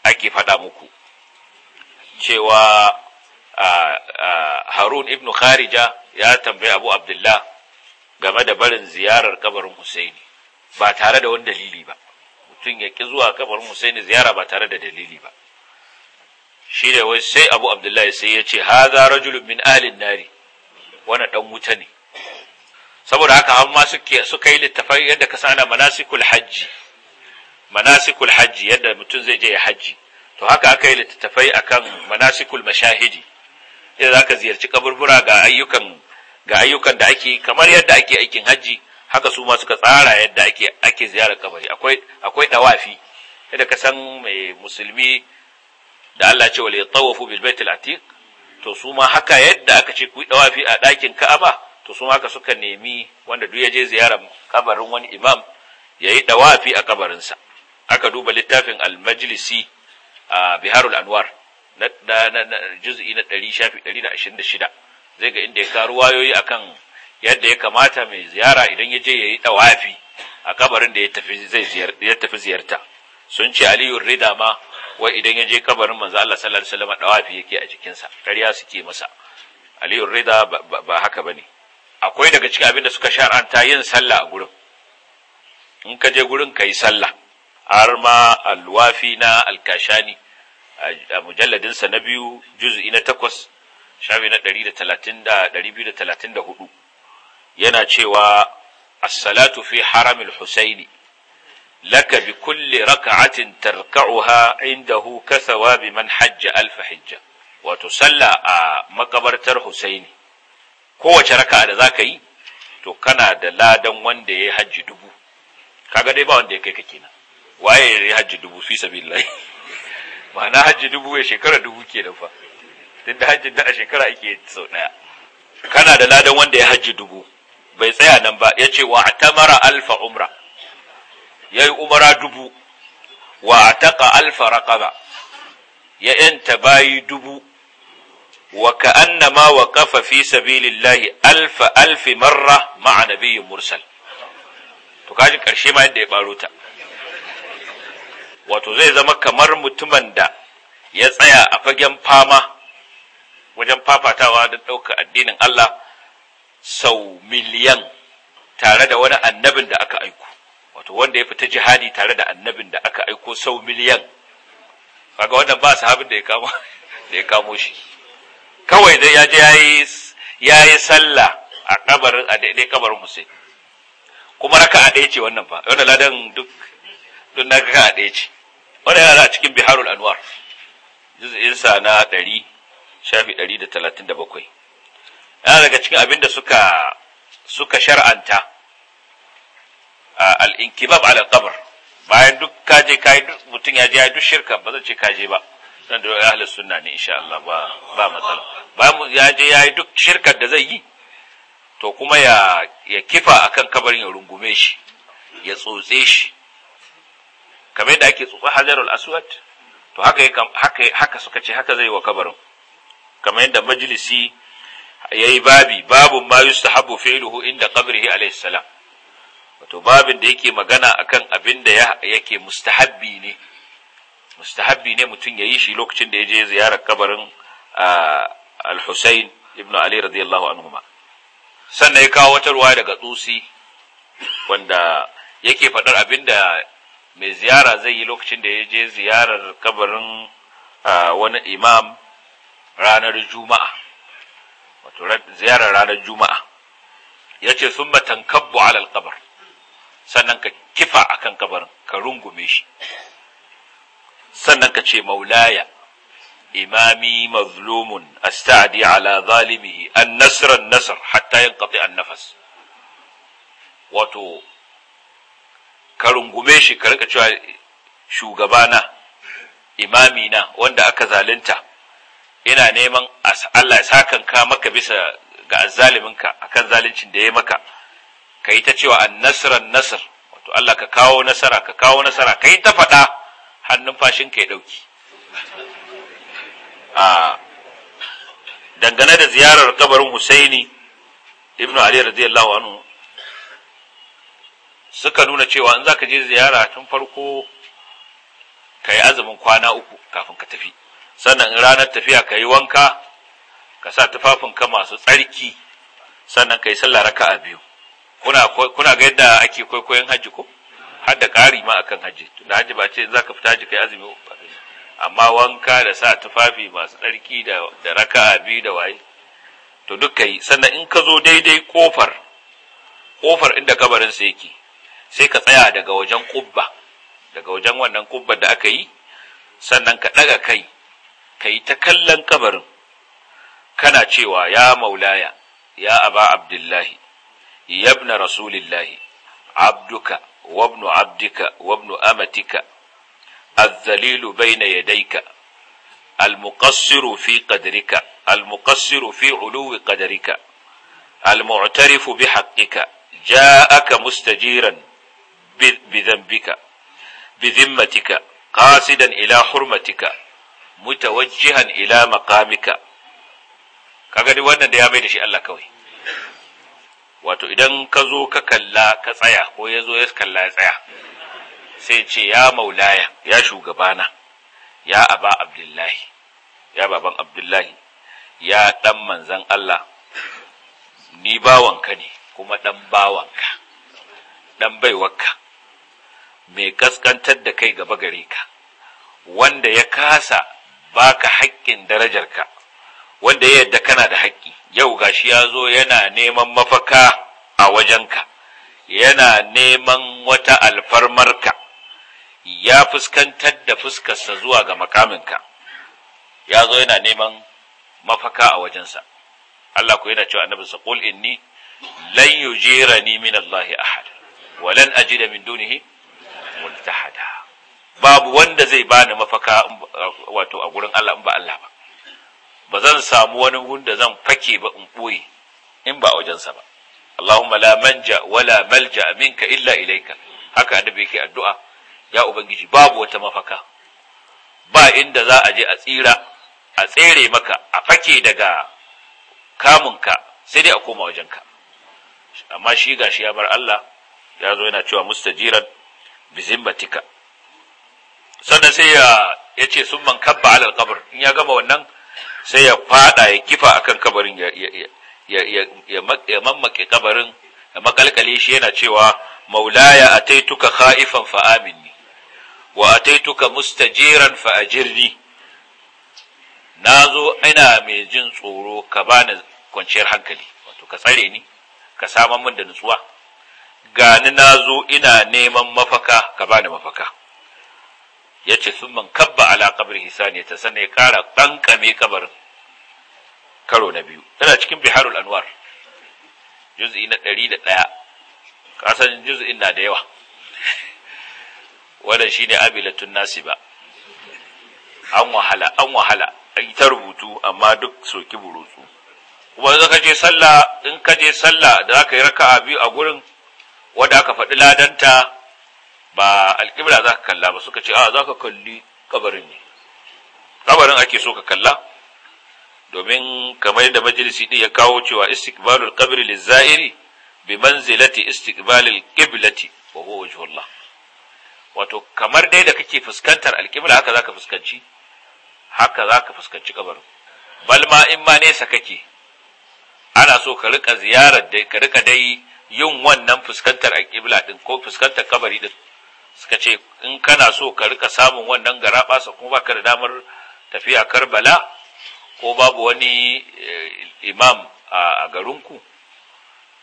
ake faɗa muku cewa harun ibnu kharija ya tambayi abu abdullah game da barin ziyarar kabarin Husaini ba tare da wani dalili ba mutum ya ki zuwa kabarin Husaini ziyara ba tare da dalili ba shi da wai sai Abu Abdullahi sai ya ce haza rajulun min alin nari wani dan wuta ne saboda haka har ma suke suka yi littafai yadda ka sana manasikul hajji manasikul hajji yadda mutum zai je ya hajji to haka aka yi littafai akan manasikul mashahidi idan zaka ziyarci kaburbura ga ayyukan ga ayyukan da ake kamar yadda ake aikin hajji haka su ma suka tsara yadda ake ake ziyarar kabari akwai akwai dawafi yadda ka san mai musulmi da Allah ce wale tawafu bil baitil atiq to su ma haka yadda aka ce ku dawafi a dakin Ka'aba to su ma haka suka nemi wanda duk ya je ziyarar kabarin wani imam yayi dawafi a kabarinsa aka duba littafin al-majlisi a Biharul Anwar na juz'i na 126 zai ga inda ya karu wayoyi kan yadda ya kamata mai ziyara idan ya je ya yi ɗawafi a kabarin da ya tafi ziyarta sun ce aliyu rida ma wai idan ya je kabarin manzo Allah sallallahu alaihi wasallam dawafi yake a jikinsa ƙarya suke masa aliyu rida ba haka bane akwai daga cikin abin da suka shar'anta yin sallah a gurin in ka je gurin kai sallah har ma alwafi na alkashani a mujalladin sa na biyu juz'i na takwas shafi na 234 yana cewa a salatu fi haramil husaini laka bi kulli raka'atin tarka'uha indahu kasawa bi man hajja alfa hijja, wato sallah a makabartar husaini kowace raka'a da zaka yi to kana da ladan wanda yayi hajji dubu kaga dai ba wanda ya kai ka kenan waye yayi hajji dubu fi sabilillah ma'ana hajji dubu ya shekara dubu da fa tunda hajjin da a shekara ake sau ɗaya. kana da ladan wanda ya hajji dubu bai tsaya nan ba ya ce wa ta mara alfa umra ya yi umara dubu wa taƙa alfa raƙaba ya yanta bayi dubu wa ka'anna ma wa kafa fi sabilillahi alfa alfi marra ma'a nabiyyin mursal to kajin ƙarshe ma yadda ya baro ta wato zai zama kamar mutumin da ya tsaya a fagen fama wajen fafatawa don ɗaukar addinin Allah sau miliyan tare da wani annabin da aka aiko wato wanda ya fita jihadi tare da annabin da aka aiko sau miliyan kaga wannan ba sahabin da ya kama da ya kamo shi kawai dai ya je yayi yayi sallah a kabarin a daidai kabarin musai kuma raka a ɗaya ce wannan fa wannan ladan duk duk na ka a ɗaya ce wannan yana a cikin Biharul Anwar juz'in sa na ɗari. shafi 137 yana daga cikin abin da suka suka shar'anta al-inkibab ala bayan duk kaje kai mutum ya je ya duk shirka ba zan ce kaje ba dan da ahli sunna ne insha Allah ba matsala bayan ya je ya yi duk shirka da zai yi to kuma ya ya kifa akan kabarin ya rungume shi ya tsotse shi kamar yadda ake tsotsa hajarul aswad to haka haka haka suka ce haka zai wa kabarin kamar yadda majalisi ya yi babi babun ma yustahabu fi'luhu inda qabrihi alayhi salam wato babin da yake magana akan abin da yake mustahabbi ne mustahabbi ne mutum ya yi shi lokacin da ya je ziyarar kabarin al-Husayn ibn Ali radiyallahu anhuma sannan ya kawo wata ruwa daga tsusi wanda yake faɗar abin da mai ziyara zai yi lokacin da ya je ziyarar kabarin wani imam ranar juma'a wato ziyarar ranar juma'a ya ce sun matankabbu alal kabar sannan ka kifa kan kabarin ka rungume shi sannan ka ce maulaya imami mazlumun astadi ala zalimi an nasirar nasar hatta yin kafi an nafas wato ka rungume shi ka rika cewa shugabana imamina wanda aka zalunta yana neman Allah ya sakanka maka bisa ga ka akan zalincin da ya maka ka yi ta cewa an nasiran nasir wato Allah ka kawo nasara ka kawo nasara ka yi ta faɗa hannun fashin ka ya ɗauki a dangane da ziyarar kabarin Husaini ibnu Ali radiyallahu anhu suka nuna cewa in zaka je ziyara tun farko ka yi azumin kwana uku kafin ka tafi sannan in ranar tafiya ka yi wanka ka sa tufafinka masu tsarki sannan ka yi sallah a biyu kuna ga yadda ake kwaikwayon hajji ko har da ƙari ma akan hajji tunda hajji ba ce za ka fita hajji kai azumi amma wanka da sa tufafi masu tsarki da raka a biyu da waye to duk yi sannan in ka zo daidai ƙofar, kofar inda kabarin sa yake sai ka tsaya daga wajen kubba daga wajen wannan ƙubba da aka yi sannan ka ɗaga kai kai ta kallon kabarin kana cewa ya maulaya ya aba abdullahi ya ibn rasulillahi abduka wa ibn abdika wa ibn amatika الذليل بين يديك المقصر في قدرك المقصر في علو قدرك ja'aka mustajiran bi dhanbika bi dhimmatika qasidan ila hurmatika mutawajjihan ila maqamika kaga gani wannan da ya bai da shi Allah kawai wato idan ka zo ka kalla ka tsaya ko ya zo ya kalla ya tsaya sai ce ya maulaya ya shugabana ya aba abdullahi ya baban abdullahi ya dan manzan Allah ni bawanka ne kuma dan bawanka dan baiwarka mai kaskantar da kai gaba gare ka wanda ya kasa baka haƙƙin darajarka wanda ya yadda kana da haƙƙi yau gashi ya zo yana neman mafaka a wajenka yana neman wata alfarmarka ya fuskantar da fuskarsa zuwa ga makaminka ya zo yana neman mafaka a wajensa Allah ku yana cewa annabinsa qul inni lan yujirani min Allah ahad walan aji ajida min dunihi multahada babu wanda zai bani mafaka wato a gurin Allah in ba Allah ba ba zan samu wani wanda zan fake ba in boye in ba wajensa ba Allahumma la manja wala malja minka illa ilaika haka annabi yake addu'a ya ubangiji babu wata mafaka ba inda za a je a tsira a tsere maka a fake daga kamunka sai dai a koma wajen ka. amma shi gashi ya bar Allah ya zo yana cewa mustajiran bizimbatika sannan sai ya ce sun man kabba alal kabar in ya gama wannan sai ya faɗa ya kifa akan kabarin ya mammake kabarin ya makalkale shi yana cewa maulaya ataituka ka'ifan fa'amin ni wa a ataituka mustajiran ni Na zo ina mai jin tsoro ka ba ni kwanciyar hankali wato ka tsare ni ka saman min da nutsuwa gani zo ina neman mafaka ka bani mafaka Ya yace man kabba ala ne ta sannan ya kara ɗanƙame kabarin karo na biyu tana cikin biharul anwar juz'i na ɗari da ɗaya ƙasan juz'in na da yawa wannan ne abilatun nasiba an wahala an wahala ta rubutu amma duk soki burutsu kuma za ka je sallah in ka je sallah da za ka yi a biyu a gurin wadda aka faɗi ladanta ba alƙibla za ka kalla ba suka ce a ah, za ka kalli kabarin ne kabarin ake so ka kalla domin kamar yadda majalisi din ya kawo cewa istiqbalul qabri lizza'iri bi manzilati istiqbalil qiblati wa huwa wajhullah wato kamar dai da kake fuskantar alƙibla haka zaka fuskanci haka zaka fuskanci kabarin bal ma in ma nesa kake ana so ka rika ziyarar dai ka rika dai yin wannan fuskantar alƙibla din ko fuskantar kabari din suka ce in kana so ka rika samun wannan garaɓasa kuma baka da damar tafiya karbala ko babu wani eh, imam a garinku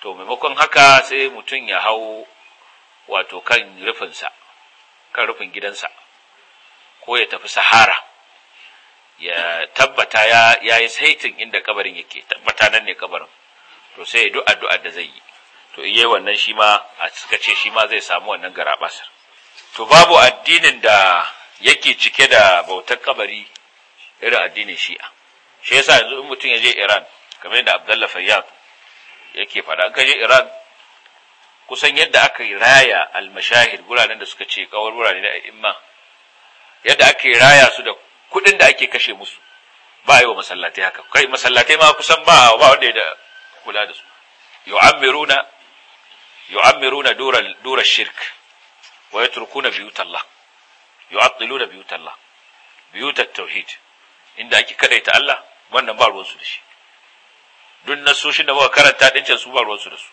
to maimakon haka sai mutum ya hau wato kan rufinsa kan rufin gidansa ko ya tafi sahara ya tabbata ya yi saitin inda kabarin yake tabbata nan ne kabarin to sai ya du'a du'a da zai yi to iya wannan shi ma a suka ce shi ma zai samu wannan garabasar to babu addinin da yake cike da bautar kabari irin addinin shi'a shi yasa yanzu in mutum ya je iran kamar yadda abdullahi fayyad yake faɗa ka je iran kusan yadda aka yi raya almashahir guraren da suka ce kawar wurare na imma yadda aka yi raya su da kuɗin da ake kashe musu ba yi wa masallatai haka kai masallatai ma kusan ba ba wanda da kula da su yu'ammiruna yu'ammiruna dura dura shirk wa yatrukuna biyutallah yu'attiluna biyutallah biyutat tauhid inda ake kadaita Allah wannan ba ruwansu da shi duk nasoshin da muka karanta ɗancan su ba ruwansu da su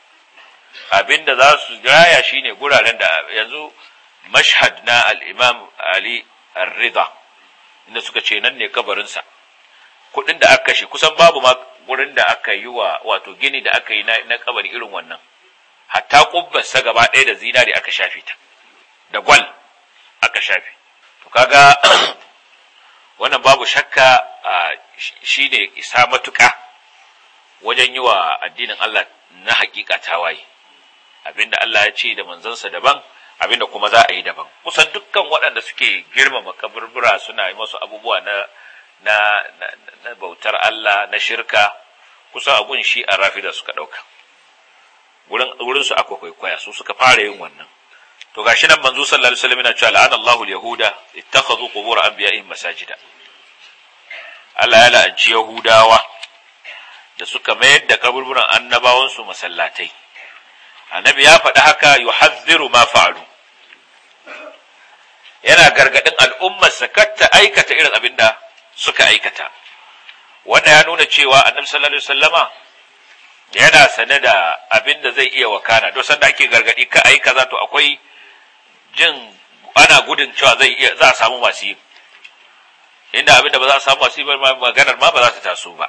da za su raya shine guraren da yanzu mashhad na al-imam Ali ar inda suka ce nan ne kabarinsa kudin da aka kashe kusan babu ma gurin da aka yi wa wato gini da aka yi na kabari irin wannan hatta kubbarsa gaba ɗaya da zinari aka shafe ta da gwal aka shafe to kaga wannan babu shakka shi ne isa matuƙa wajen yi wa addinin Allah na hakika tawaye abinda Allah ya ce da manzansa daban abinda kuma za a yi daban kusan dukkan waɗanda suke girmama kaburbura suna yi masu abubuwa na na, na, bautar Allah na shirka kusan abun shi a rafi da suka ɗauka wurin su aka kwaikwaya su suka fara yin wannan to gashi nan manzo sallallahu alaihi wasallam yana cewa la'ana Allahu al-yahuda ittakhadhu qubur anbiya'ihim masajida Allah ya la'anci yahudawa da suka mayar da kaburburan annabawan su masallatai annabi ya faɗi haka yuhadhdhiru ma fa'alu yana gargadin al'ummar sa katta aikata irin abinda suka aikata Wannan ya nuna cewa annabi sallallahu alaihi wasallama yana sane da abinda zai iya wakana don sanda ake gargadi ka aika kaza to akwai jin ana gudun cewa zai iya za a samu masu yi inda abinda ba za a samu masu yi ba maganar ma ba za ta taso ba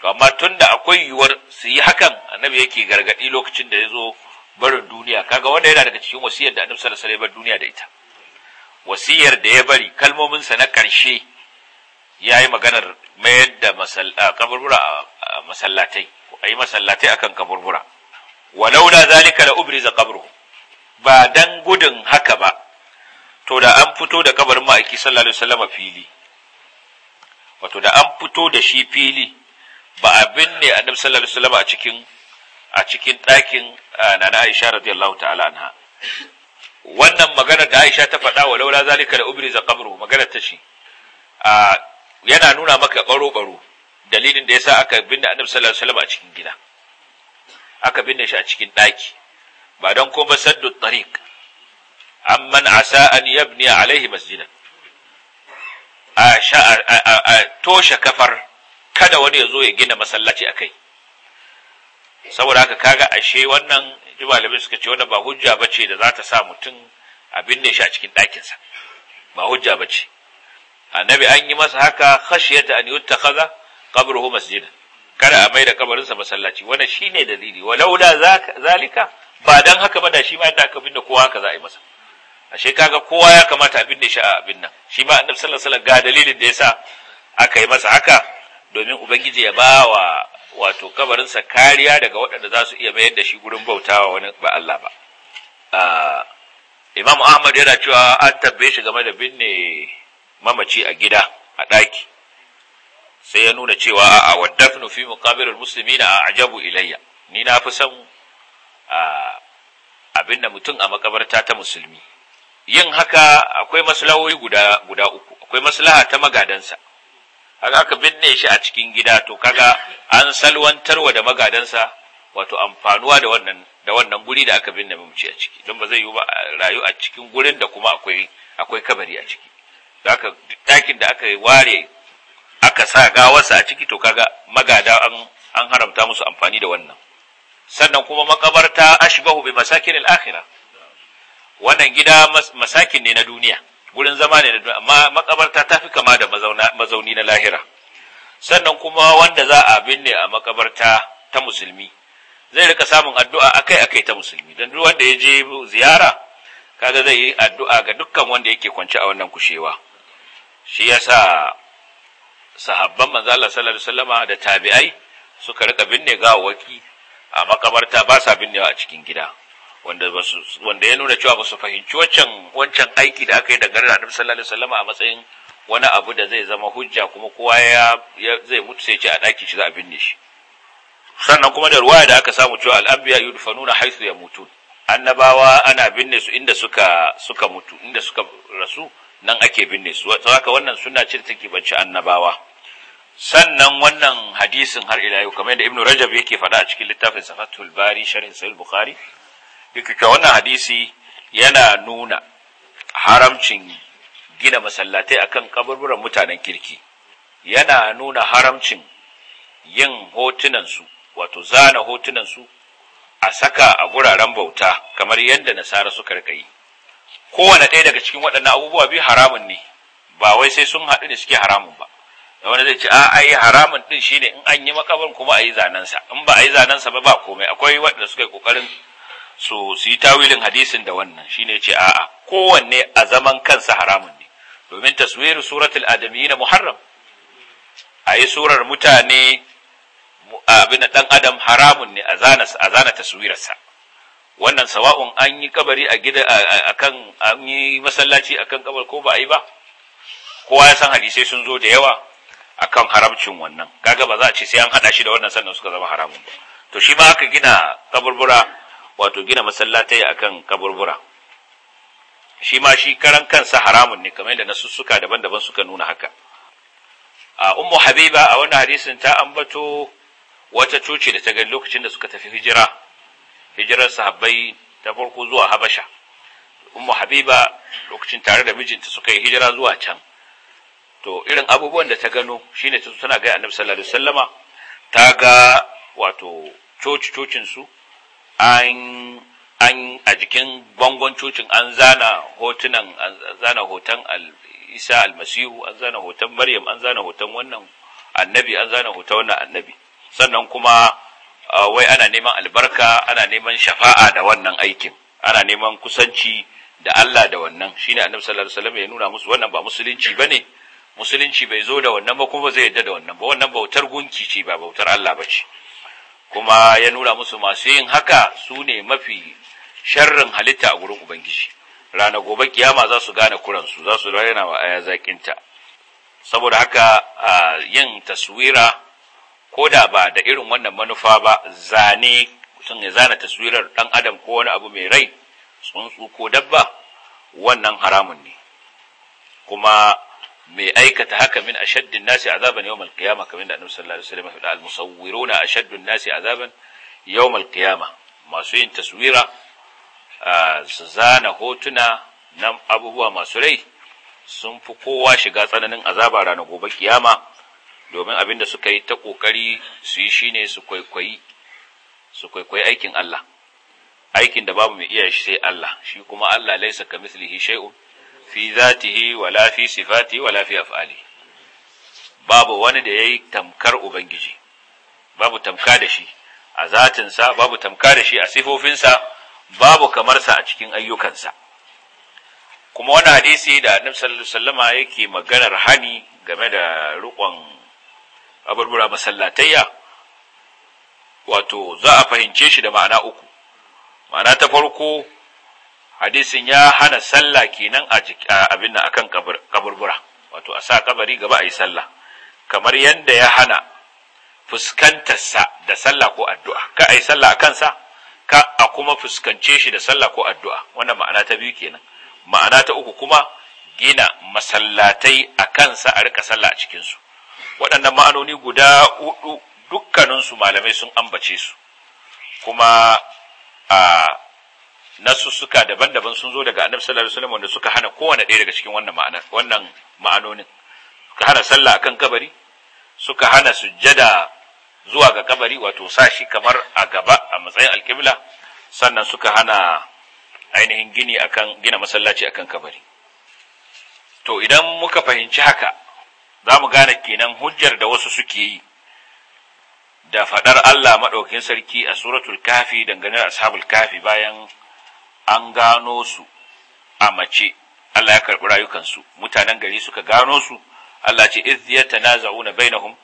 to amma tun da akwai yiwuwar su yi hakan annabi yake gargadi lokacin da ya zo barin duniya kaga wanda yana daga cikin wasiyar da annabi sallallahu alaihi wasallam duniya da ita wasiyar da ya bari kalmomin sa na karshe ya yi maganar mayar da kaburbura masallatai a masallatai akan kaburbura walaula zalika la ubriza qabruhu ba dan gudun haka ba to da an fito da kabarin ma'aiki sallallahu alaihi wasallam fili wato da an fito da shi fili ba abin ne annabi sallallahu alaihi wasallam a cikin a cikin ɗakin nana Aisha radiyallahu ta'ala anha wannan maganar da Aisha ta faɗa wa laula zalika da ubriza qabru maganar ta shi yana nuna maka baro baro dalilin da yasa aka binne annabi sallallahu alaihi wasallam a cikin gida aka binne shi a cikin ɗaki ba don kuma saddu tariq amman asa an yabni alaihi masjidan a toshe kafar kada wani ya zo ya gina masallaci a kai saboda haka kaga ashe wannan malamai suka ce wannan ba hujja bace da za ta sa mutum abin ne shi a cikin ɗakinsa ba hujja bace annabi an yi masa haka khashiyata an yuttakhadha qabruhu masjidan kada a mai da kabarinsa masallaci wannan shine dalili walaula zalika ba dan haka ba da shi ma yadda aka binne kowa haka za a yi masa ashe kaga kowa ya kamata a binne shi a abin nan shi ma annabi sallallahu alaihi wasallam ga dalilin da yasa aka yi masa haka domin ubangiji ya ba wa wato kabarinsa kariya daga waɗanda za su iya mayar da shi gurin bautawa wani ba Allah ba Imam Ahmad yana cewa an tabbe shi game da binne mamaci a gida a ɗaki sai ya nuna cewa a wadda fi muqabilul muslimina a ajabu ilayya ni na fi son abin da mutum a makabarta ta musulmi yin haka akwai maslahoyi guda guda uku akwai maslaha ta magadansa haka aka binne shi a cikin gida to kaga an salwantarwa da magadansa wato amfanuwa da wannan da wannan guri da aka binne mamaci a ciki don ba zai yi ba rayu a cikin gurin da kuma akwai kabari a ciki haka dakin da aka ware aka sa gawarsa a ciki to kaga magada an an haramta musu amfani da wannan sannan kuma makabarta ashbahu bi masakin al-akhirah wannan gida masakin ne na duniya gurin zama ne na duniya amma makabarta ta fi kama da mazauni na lahira sannan kuma wanda za a binne a makabarta ta musulmi zai rika samun addu'a akai-akai ta musulmi don duk wanda ya je ziyara kaga zai yi addu'a ga dukkan wanda yake kwance a wannan kushewa shi yasa sahabban manzo Allah sallallahu alaihi wasallama da tabi'ai suka rika binne gawawaki a makabarta ba sa binnewa a cikin gida wanda wanda ya nuna cewa ba fahimci wancan wancan aiki da aka yi dangane da Annabi sallallahu alaihi wasallam a matsayin wani abu da zai zama hujja kuma kowa ya zai mutu sai ce a daki shi za a binne shi sannan kuma da ruwaya da aka samu cewa al-anbiya yudfanuna haythu yamutun annabawa ana binne su inda suka suka mutu inda suka rasu nan ake binne su saboda wannan sunna ce take bance annabawa sannan wannan hadisin har ila yau kamar yadda ibnu rajab yake faɗa a cikin littafin safatul bari sharhin sahih bukhari yake wannan hadisi yana nuna haramcin gina masallatai akan kaburburan mutanen kirki yana nuna haramcin yin hotunansu wato zana hotunansu a saka a guraren bauta kamar yadda nasara suka rika yi kowane ɗaya daga cikin waɗannan abubuwa biyu haramun ne ba wai sai sun haɗu da suke haramun ba wani zai ce a ah, ai haramun din shine in an yi makabar kuma ayi yi zanensa in ba a yi zanensa ba ba komai akwai waɗanda suka yi ƙoƙarin su su yi tawilin hadisin da wannan shine ce a'a kowanne a zaman kansa haramun ne domin taswirin suratul na muharram a yi surar mutane abin ɗan adam haramun ne a zana a zana taswirarsa wannan sawa'un an yi kabari a gida akan an yi masallaci akan kabar ko ba a yi ba kowa ya san hadisai sun zo da yawa akan haramcin wannan kaga ba za a ce sai an hada shi da wannan sannan suka zama haramun to shi ma aka gina kaburbura wato gina masallatai akan kaburbura shi ma shi karan kansa haramun ne kamar yadda suka daban-daban suka nuna haka a ummu habiba a wannan hadisin ta ambato wata coci da ta gani lokacin da suka tafi hijira hijirar sahabbai ta farko zuwa habasha ummu habiba lokacin tare da mijinta suka yi hijira zuwa can to irin abubuwan da ta gano shine ta tana ga annabi sallallahu alaihi wasallama ta ga wato coci cocin su an an a jikin bangon cocin an zana hotunan an zana hoton Isa almasihu an zana hoton Maryam an zana hoton wannan annabi an zana hoton wannan annabi sannan kuma wai ana neman albarka ana neman shafa'a da wannan aikin ana neman kusanci da Allah da wannan shine annabi sallallahu alaihi wasallam ya nuna musu wannan ba musulunci bane musulunci bai zo da wannan ba kuma zai yadda da wannan ba wannan bautar gunki ce ba bautar Allah ba ce kuma ya nuna musu masu yin haka su ne mafi sharrin halitta a gurin ubangiji rana gobe kiyama za su gane kuransu za su raina wa aya zakinta saboda haka yin taswira ko da ba da irin wannan manufa ba zane sun ya zana taswirar ɗan adam ko wani abu mai rai tsuntsu ko dabba wannan haramun ne kuma mai aikata haka min shaddin nasi azaban yawmal qiyamah kamar da Annabi sallallahu alaihi wasallam ya faɗa na a shaddin nasi azaban yawmal qiyamah masu yin taswira su zana hotuna na abubuwa masu rai sun fi kowa shiga tsananin azaba ranar gobe kiyama domin abin da suka yi ta kokari su yi shine ne su kwaikwayi aikin Allah aikin da babu mai iya shi sai Allah shi kuma Allah laisa ka mislihi shay'un fi zatihi wala fi sifati wala fi af'ali babu wani da yayi tamkar ubangiji babu tamka da shi a zatinsa babu tamka da shi a sifofinsa babu kamarsa a cikin ayyukansa kuma wani hadisi da annabi sallallahu alaihi wasallama yake maganar hani game da rukon aburbura masallatayya wato za a fahimce shi da ma'ana uku ma'ana ta farko hadisin ya hana sallah kenan a abin nan akan kaburbura wato a sa kabari gaba a yi sallah kamar yadda ya hana fuskantarsa da sallah ko addu'a ka a yi sallah a kansa ka a kuma fuskance shi da sallah ko addu'a wannan ma'ana ta biyu kenan ma'ana ta uku kuma gina masallatai a kansa a rika sallah a cikinsu waɗannan ma'anoni guda hudu dukkaninsu malamai sun ambace su kuma a nasussuka daban-daban sun zo daga annabi sallallahu alaihi wanda suka hana kowane ɗaya daga cikin wannan ma'ana wannan ma'anonin suka hana sallah akan kabari suka hana sujjada zuwa ga kabari wato sashi kamar a gaba a matsayin alkibla sannan suka hana ainihin gini akan gina masallaci akan kabari to idan muka fahimci haka za mu gane kenan hujjar da wasu suke yi da faɗar Allah maɗaukin sarki a suratul kafi dangane da ashabul kafi bayan an gano su a mace Allah ya karɓi rayukansu mutanen gari suka gano su Allah ce iz yatanaza'una bainahum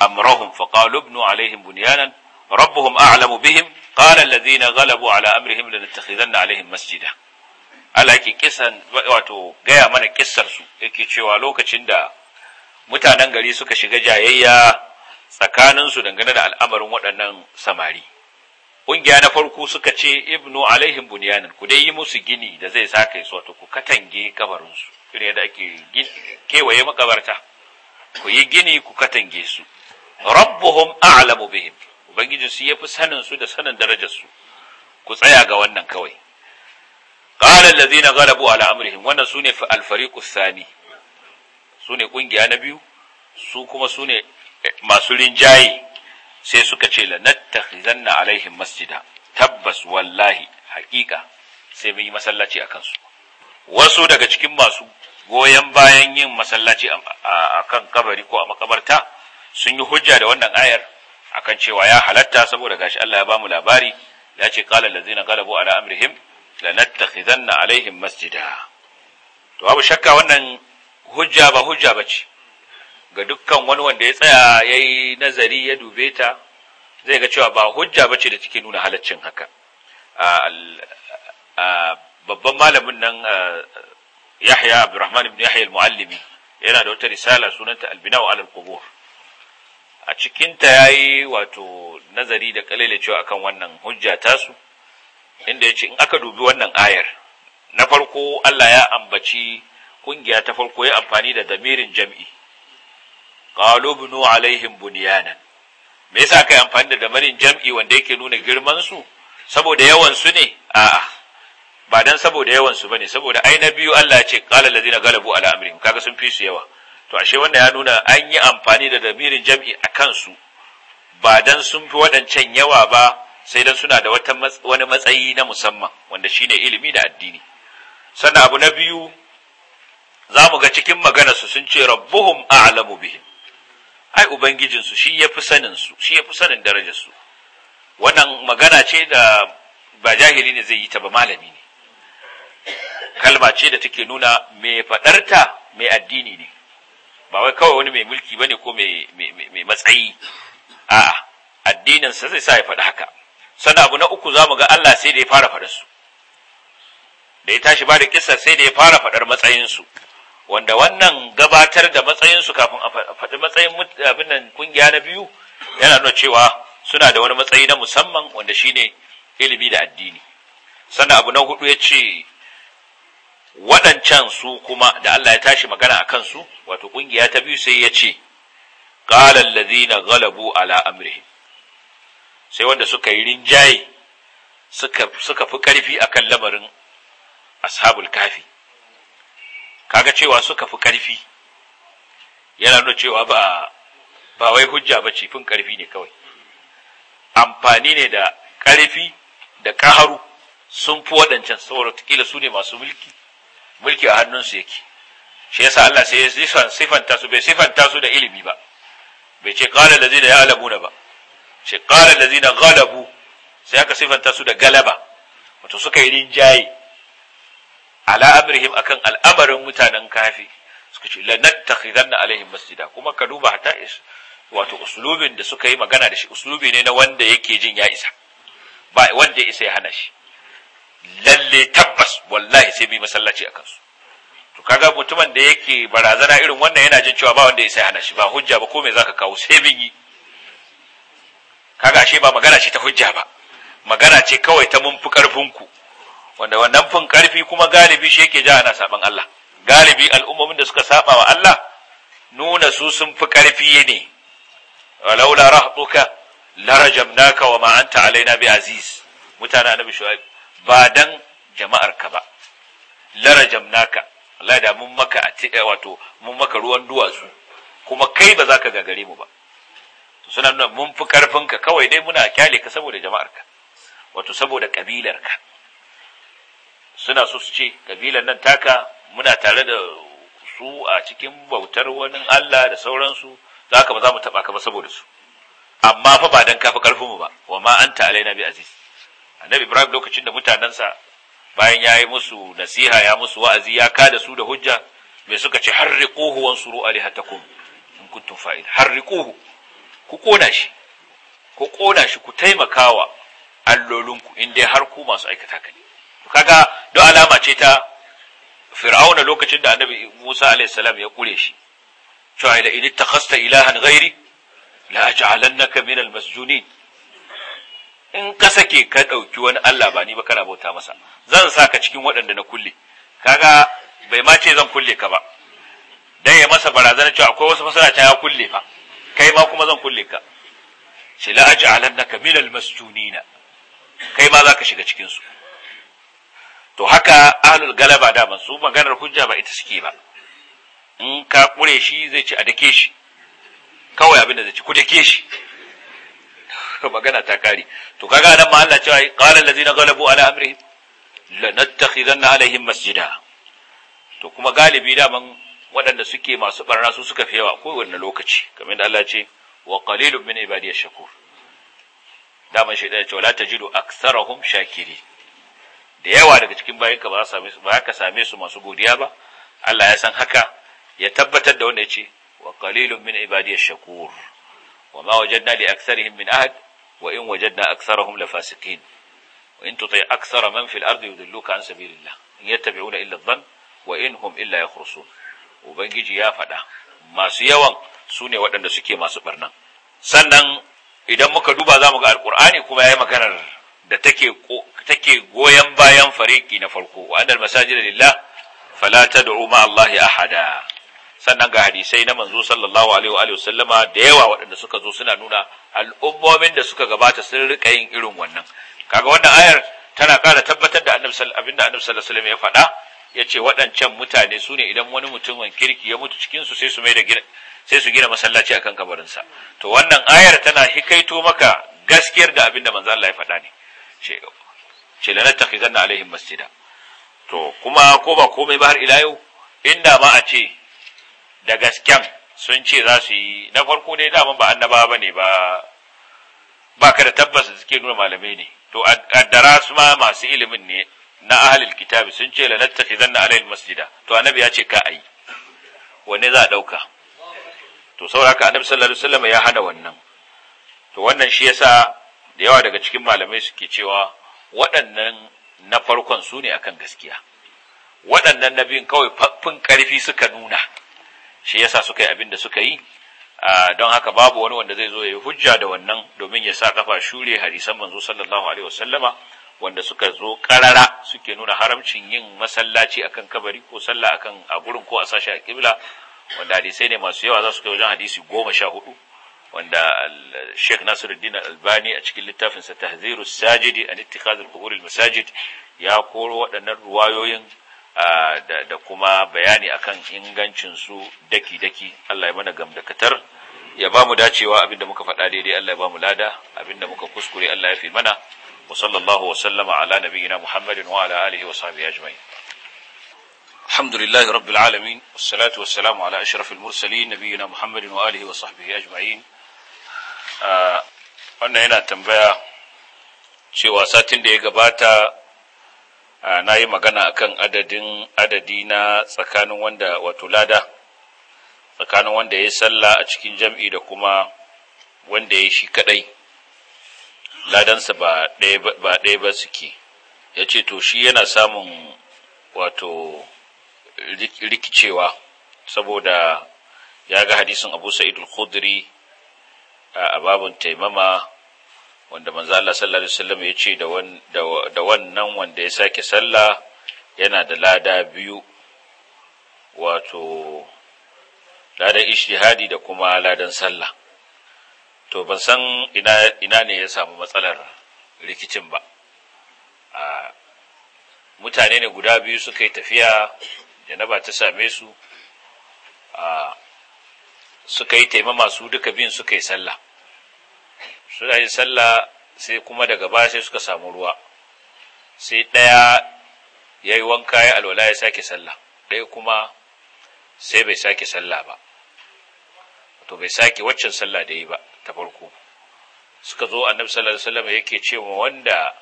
amrahum faqalu ibnu alaihim bunyanan rabbuhum a'lamu bihim qala alladhina ghalabu ala amrihim lanattakhidanna alaihim masjida Allah yake kisan wato gaya mana kissar su yake cewa lokacin da mutanen gari suka shiga jayayya tsakaninsu dangane da al'amarin waɗannan samari ƙungiya na farko suka ce ibnu alaihim Bunyanin, ku dai yi musu gini da zai saka su wato ku katange kabarinsu irin yadda ake kewaye makabarta ku yi gini ku katange su rabbuhum a'lamu bihim ubangiji su yafi sanin su da sanin darajar su ku tsaya ga wannan kawai qala allazina ghalabu ala amrihim wannan sune fi al thani sune kungiya na biyu su kuma sune eh, masu rinjaye sai suka ce lanattakhizanna alaihim masjida tabbas wallahi haƙiƙa sai mun yi masallaci a kansu wasu daga cikin masu goyon bayan yin masallaci a kan kabari ko a makabarta sun yi hujja da wannan ayar akan cewa ya halatta saboda gashi Allah ya ba mu labari ya ce qala allazina galabu ala amrihim lanattakhizanna alaihim masjida to abu shakka wannan hujja ba hujja bace ga dukkan wani wanda ya tsaya ya yi nazari ya dube ta zai ga cewa ba hujja ba ce da take nuna halaccin haka babban malamin nan yahya abdurrahman ibn yahya al yana da wata risala sunanta albina wa alal qubur a cikinta ya yi wato nazari da kalele cewa akan wannan hujja tasu inda ya ce in aka dubi wannan ayar na farko Allah ya ambaci ƙungiya ta farko ya amfani da damirin jam'i qalu bunu alaihim bunyana me yasa kai amfani da damarin jam'i wanda yake nuna girman su saboda yawan su ne a'a ba dan saboda yawan su bane saboda ai na biyu Allah ya ce qala allazina galabu ala amrihim kaga sun fi su yawa to ashe wanda ya nuna an yi amfani da damirin jam'i a su ba dan sun fi waɗancan yawa ba sai dan suna da wata wani matsayi na musamman wanda shine ilimi da addini sannan abu na biyu za mu ga cikin su sun ce rabbuhum a'lamu bihim ai ubangijinsu shi ya fi saninsu shi ya fi sanin darajarsu wannan magana ce da ba jahili ne zai yi ta ba malami ne kalma ce da take nuna mai faɗarta mai addini ne ba wai kawai wani mai mulki ba ne ko mai matsayi a addininsa zai sa ya faɗi haka sannan abu na uku za mu ga Allah sai da ya fara faɗarsu da ya tashi ba da kisa sai da ya fara faɗar matsayinsu wanda wannan gabatar da matsayinsu kafin a faɗi matsayin abin nan kungiya na biyu yana nuna cewa suna da wani matsayi na musamman wanda shine ilimi da addini sannan abu na hudu ya ce waɗancan su kuma da Allah ya tashi magana a kansu wato kungiya ta biyu sai ya ce qala allazina ghalabu ala amri. sai wanda suka yi rinjaye suka suka fi karfi akan lamarin ashabul kafi kaga cewa suka fi karfi yana nuna cewa ba ba wai hujja ba ce fin ƙarfi ne kawai amfani ne da ƙarfi da kaharu sun fi waɗancan saboda tukila su ne masu mulki mulki a hannunsu yake shi yasa Allah sai ya sifanta su bai sifanta su da ilimi ba bai ce qala allazina ya'lamuna ba ce qala allazina ghalabu sai aka sifanta su da galaba wato suka yi rinjaye ala amrihim akan al'amarin mutanen kafi suka ce lanattakhidan alaihim masjida kuma ka duba hatta wato uslubin da suka yi magana da shi uslubi ne na wanda yake jin ya isa ba wanda ya isa ya hana shi lalle tabbas wallahi sai bi masallaci a kansu to kaga mutumin da yake barazana irin wannan yana jin cewa ba wanda ya isa ya hana shi ba hujja ba ko me zaka kawo sai bin yi kaga shi ba magana ce ta hujja ba magana ce kawai ta mun fi karfin ku wanda wannan fin karfi kuma galibi shi yake ja ana saban Allah galibi al'ummomin da suka saba wa Allah nuna su sun fi karfi ne walaula rahduka larajamnaka wa ma anta alaina bi aziz mutana annabi shuaib ba dan jama'ar ka ba larajamnaka Allah da mun maka wato mun maka ruwan duwatsu kuma kai ba za ka gagare mu ba suna nuna mun fi karfin ka kawai dai muna kyale ka saboda jama'arka. wato saboda kabilar ka suna so su ce kabilan nan taka muna tare da su a cikin bautar wani Allah da sauransu za ka ba za mu taɓa ka ba saboda su amma fa ba dan kafa karfin mu ba wa ma anta alaina Nabi aziz annabi ibrahim lokacin da mutanansa bayan ya yi musu nasiha ya musu wa'azi ya da su da hujja mai suka ce harriquhu wansuru alihatakum in kuntum fa'il harriquhu ku kona shi ku kona shi ku taimakawa allolinku in dai har ku masu aikata ka ne kaga don alama ce ta fir'auna lokacin da annabi Musa alaihi salam ya kure shi cewa da in takhasta ilahan ghairi la aj'alannaka min almasjunin in ka sake ka dauki wani Allah ba ni ba kana bauta masa zan saka cikin waɗanda na kulle kaga bai ma ce zan kulle ka ba dan ya masa barazana cewa akwai wasu masarata ya kulle fa kai ma kuma zan kulle ka shi la aj'alannaka min almasjunin kai ma zaka shiga cikin su to haka ahlul galaba da ban su maganar hujja ba ita suke ba in ka kure shi zai ci a dake shi kawai abin da zai ci ku dake shi magana ta kare to kaga nan ma Allah cewa qala allazina ghalabu ala amrihim lanattakhidanna alaihim masjida to kuma galibi da man waɗanda suke masu barna su suka fi yawa kowanne lokaci kamar yadda Allah ce wa qalilun min ibadiyash shakur da man shaidan ce wala tajidu aktharahum shakirin da yawa daga cikin bayinka ba za ka same su masu godiya ba Allah ya san haka ya tabbatar da wanda ya ce wa qalilun min ibadiyash shakur wa ma wajadna li aktharihim min ahad wa in wajadna aktharahum fasiqin wa in tuti akthara man fil ardi yudilluka an sabilillah in yattabi'una illa dhann wa in hum illa yakhrusun ubangiji ya fada masu yawan sune ne waɗanda suke masu barnan sannan idan muka duba zamu ga alqur'ani kuma yayi maganar da take goyon bayan fariki na farko wa annal masajida lillah fala tad'u ma Allah ahada sannan ga hadisai na manzo sallallahu alaihi wa sallama da yawa waɗanda suka zo suna nuna al'ummomin da suka gabata sun rika yin irin wannan kaga wannan ayar tana ƙara tabbatar da annabi abinda annabi sallallahu ya faɗa yace waɗancan mutane su ne idan wani mutumin kirki ya mutu cikin su sai su mai da sai su gina masallaci akan kabarinsa to wannan ayar tana hikaito maka gaskiyar da abinda manzo Allah ya faɗa ne ce lanattakhizanna alaihim masjida to kuma ko ba komai ba har ila yau inda ma a ce da gasken sun ce za su yi na farko dai daman ba annaba ba ne ba ba ka da tabbas suke nuna malamai ne to addara su ma masu ilimin ne na ahalil kitabi sun ce la nattakhizanna alaihim masjida to annabi ya ce ka ayi wanne za a dauka to saboda ka annabi sallallahu alaihi wasallam ya hada wannan to wannan shi yasa da yawa daga cikin malamai suke cewa waɗannan na farkon su ne akan gaskiya waɗannan na biyun kawai faffin ƙarfi suka nuna shi yasa suka yi abin da suka yi don haka babu wani wanda zai zo ya yi hujja da wannan domin ya sa kafa shure hadisan manzo sallallahu alaihi wasallama wanda suka zo karara suke nuna haramcin yin masallaci akan kabari ko sallah akan a gurin ko a sashi a kibla wanda hadisai ne masu yawa za su kai wajen hadisi goma sha hudu wanda Sheikh Nasiruddin Albani a cikin littafinsa Tahziru Sajidi an ittikhaz al-qubur al-masajid ya koro waɗannan ruwayoyin da kuma bayani akan ingancin su daki-daki Allah ya mana gamdakatar ya ba mu dacewa abinda muka faɗa daidai Allah ya ba mu lada abinda muka kuskure Allah ya fi mana wa sallallahu wa sallama ala nabiyyina Muhammadin wa ala alihi wa sahbihi ajma'in alhamdulillahi rabbil alamin wassalatu wassalamu ala ashrafil mursalin nabiyyina Muhammadin wa alihi wa sahbihi ajma'in wannan yana tambaya cewa satin da ya gabata na yi magana akan adadin adadi na tsakanin wanda wato lada tsakanin wanda ya sallah a cikin jam'i da kuma wanda ya shi kadai ladansa ba ɗaya ba suke ya ce to shi yana samun wato rikicewa saboda ya ga hadisin abu sa'id khudri a babun taimama wanda manzo Allah sallallahu alaihi wasallam ya ce da wannan wanda ya sake sallah yana da lada biyu wato ladan ishtihadi da kuma ladan sallah to ban san ina ina ne ya samu matsalar rikicin ba a mutane ne guda biyu suka yi tafiya janaba ta same su a suka yi taimama su duka biyun suka yi sallah suna yin sallah sai kuma daga baya sai suka samu ruwa sai ɗaya ya yi wanka ya alwala ya sake sallah ɗaya kuma sai bai sake sallah ba to bai sake waccan sallah da yi ba ta farko suka zo annabi sallallahu alaihi wasallam yake ce wa wanda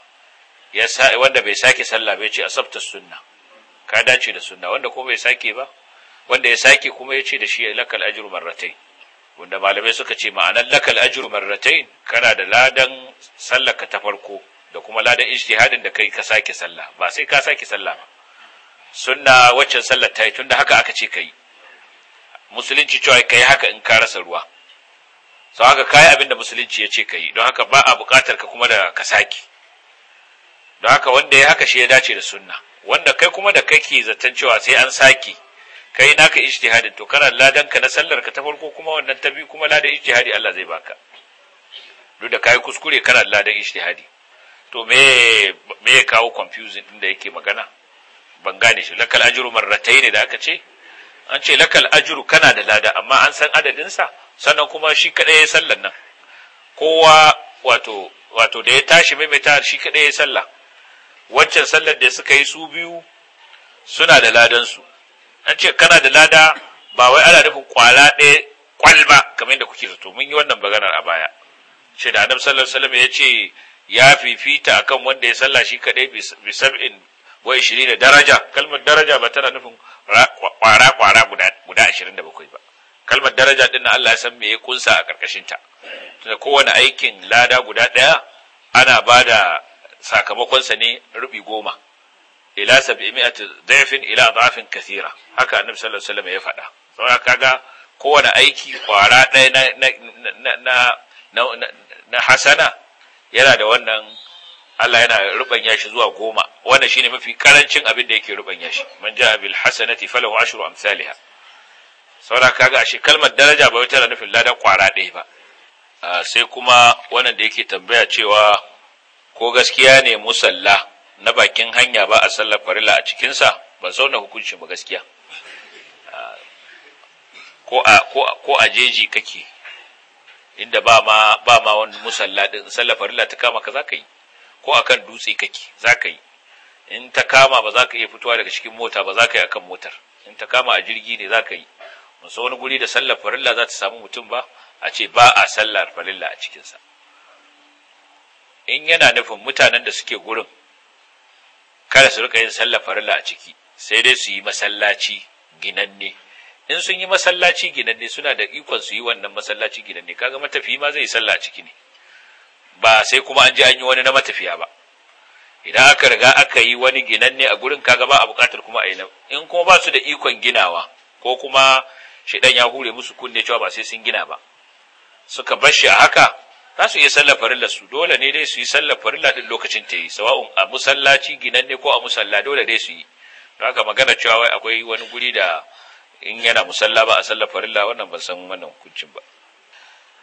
ya sa wanda bai sake sallah bai ce asabta sunna ka dace da sunna wanda kuma bai sake ba wanda ya sake kuma ya ce da shi lakal ajru marratayn wanda malamai suka ce ma'anar lakal ajru marratain kana da ladan ka ta farko da kuma ladan ijtihadin da kai ka sake sallah ba sai ka sake sallah ba sunna waccan sallar ta yi tunda haka aka ce kai musulunci cewa kai haka in ka rasa ruwa sau haka kayi abin da musulunci ya ce kai don haka ba a buƙatar ka kuma da ka sake don haka wanda ya haka shi ya dace da sunna wanda kai kuma da kake zaton cewa sai an sake kai naka ijtihadin to kana ladan ka na sallar ka ta farko kuma wannan ta biyu kuma ladan ijtihadi Allah zai baka duk da kai kuskure kana ladan ijtihadi to me me ya kawo confusing din da yake magana ban gane shi lakal ajru marratayn da aka ce an ce lakal ajru kana da lada amma an san adadin sa sannan kuma shi kadai ya sallar nan kowa wato wato da ya tashi maimaita shi kadai ya sallah waccan sallar da suka yi su biyu suna da ladan su an ce kana da lada ba wai ana nufin kwala ɗaya kwal ba kamar yadda kuke zato mun yi wannan maganar a baya ce da annabi sallallahu alaihi ya ce ya fifita akan wanda ya salla shi kadai bi sab'in wa 20 da daraja kalmar daraja ba tana nufin kwara kwara guda guda 27 ba kalmar daraja din Allah ya san me ya kunsa a karkashin ta tunda kowane aikin lada guda daya ana bada sakamakon sa ne rubi goma ila 700 da'fin ila adafin kathira haka annabi sallallahu alaihi wasallam ya faɗa saboda kaga kowane aiki kwara ɗaya na na hasana yana da wannan Allah yana rubanya yashi zuwa goma wannan shine mafi karancin abin da yake rubanya shi man ja'a bil hasanati falahu ashru amsalha saboda kaga ashe kalmar daraja ba wata nufin lada kwara ɗaya ba ah, sai kuma wannan da yake tambaya cewa ko gaskiya ne musalla na bakin hanya ba a sallar farilla a cikinsa ban sauna hukuncin ba gaskiya ko a jeji kake inda ba ma ba ma wani musalla sallar farilla ta kama ka za ka yi ko akan dutse kake za ka yi in ta kama ba za ka iya fitowa daga cikin mota ba za ka yi akan motar in ta kama a jirgi ne za ka yi musa wani guri da sallar farilla za ta samu mutum ba a ce ba a sallar farilla a cikinsa in yana nufin mutanen da suke gurin kada su rika yin sallar farilla a ciki sai dai su yi masallaci ginanne in sun yi masallaci ginanne suna da ikon su yi wannan masallaci ginanne kaga matafi ma zai yi sallah ciki ne ba sai kuma an ji an yi wani na matafiya ba idan aka riga aka yi wani ginanne a gurin kaga ba a buƙatar kuma a yi na in kuma ba su da ikon ginawa ko kuma shaidan ya hure musu kunne cewa ba sai sun gina ba suka bar shi a haka za su iya sallar farilla su dole ne dai su yi sallar farilla din lokacin ta yi sawa'un a musallaci ne ko a musalla dole dai su yi don haka magana cewa wai akwai wani guri da in yana musalla ba a sallar farilla wannan ban san wannan hukuncin ba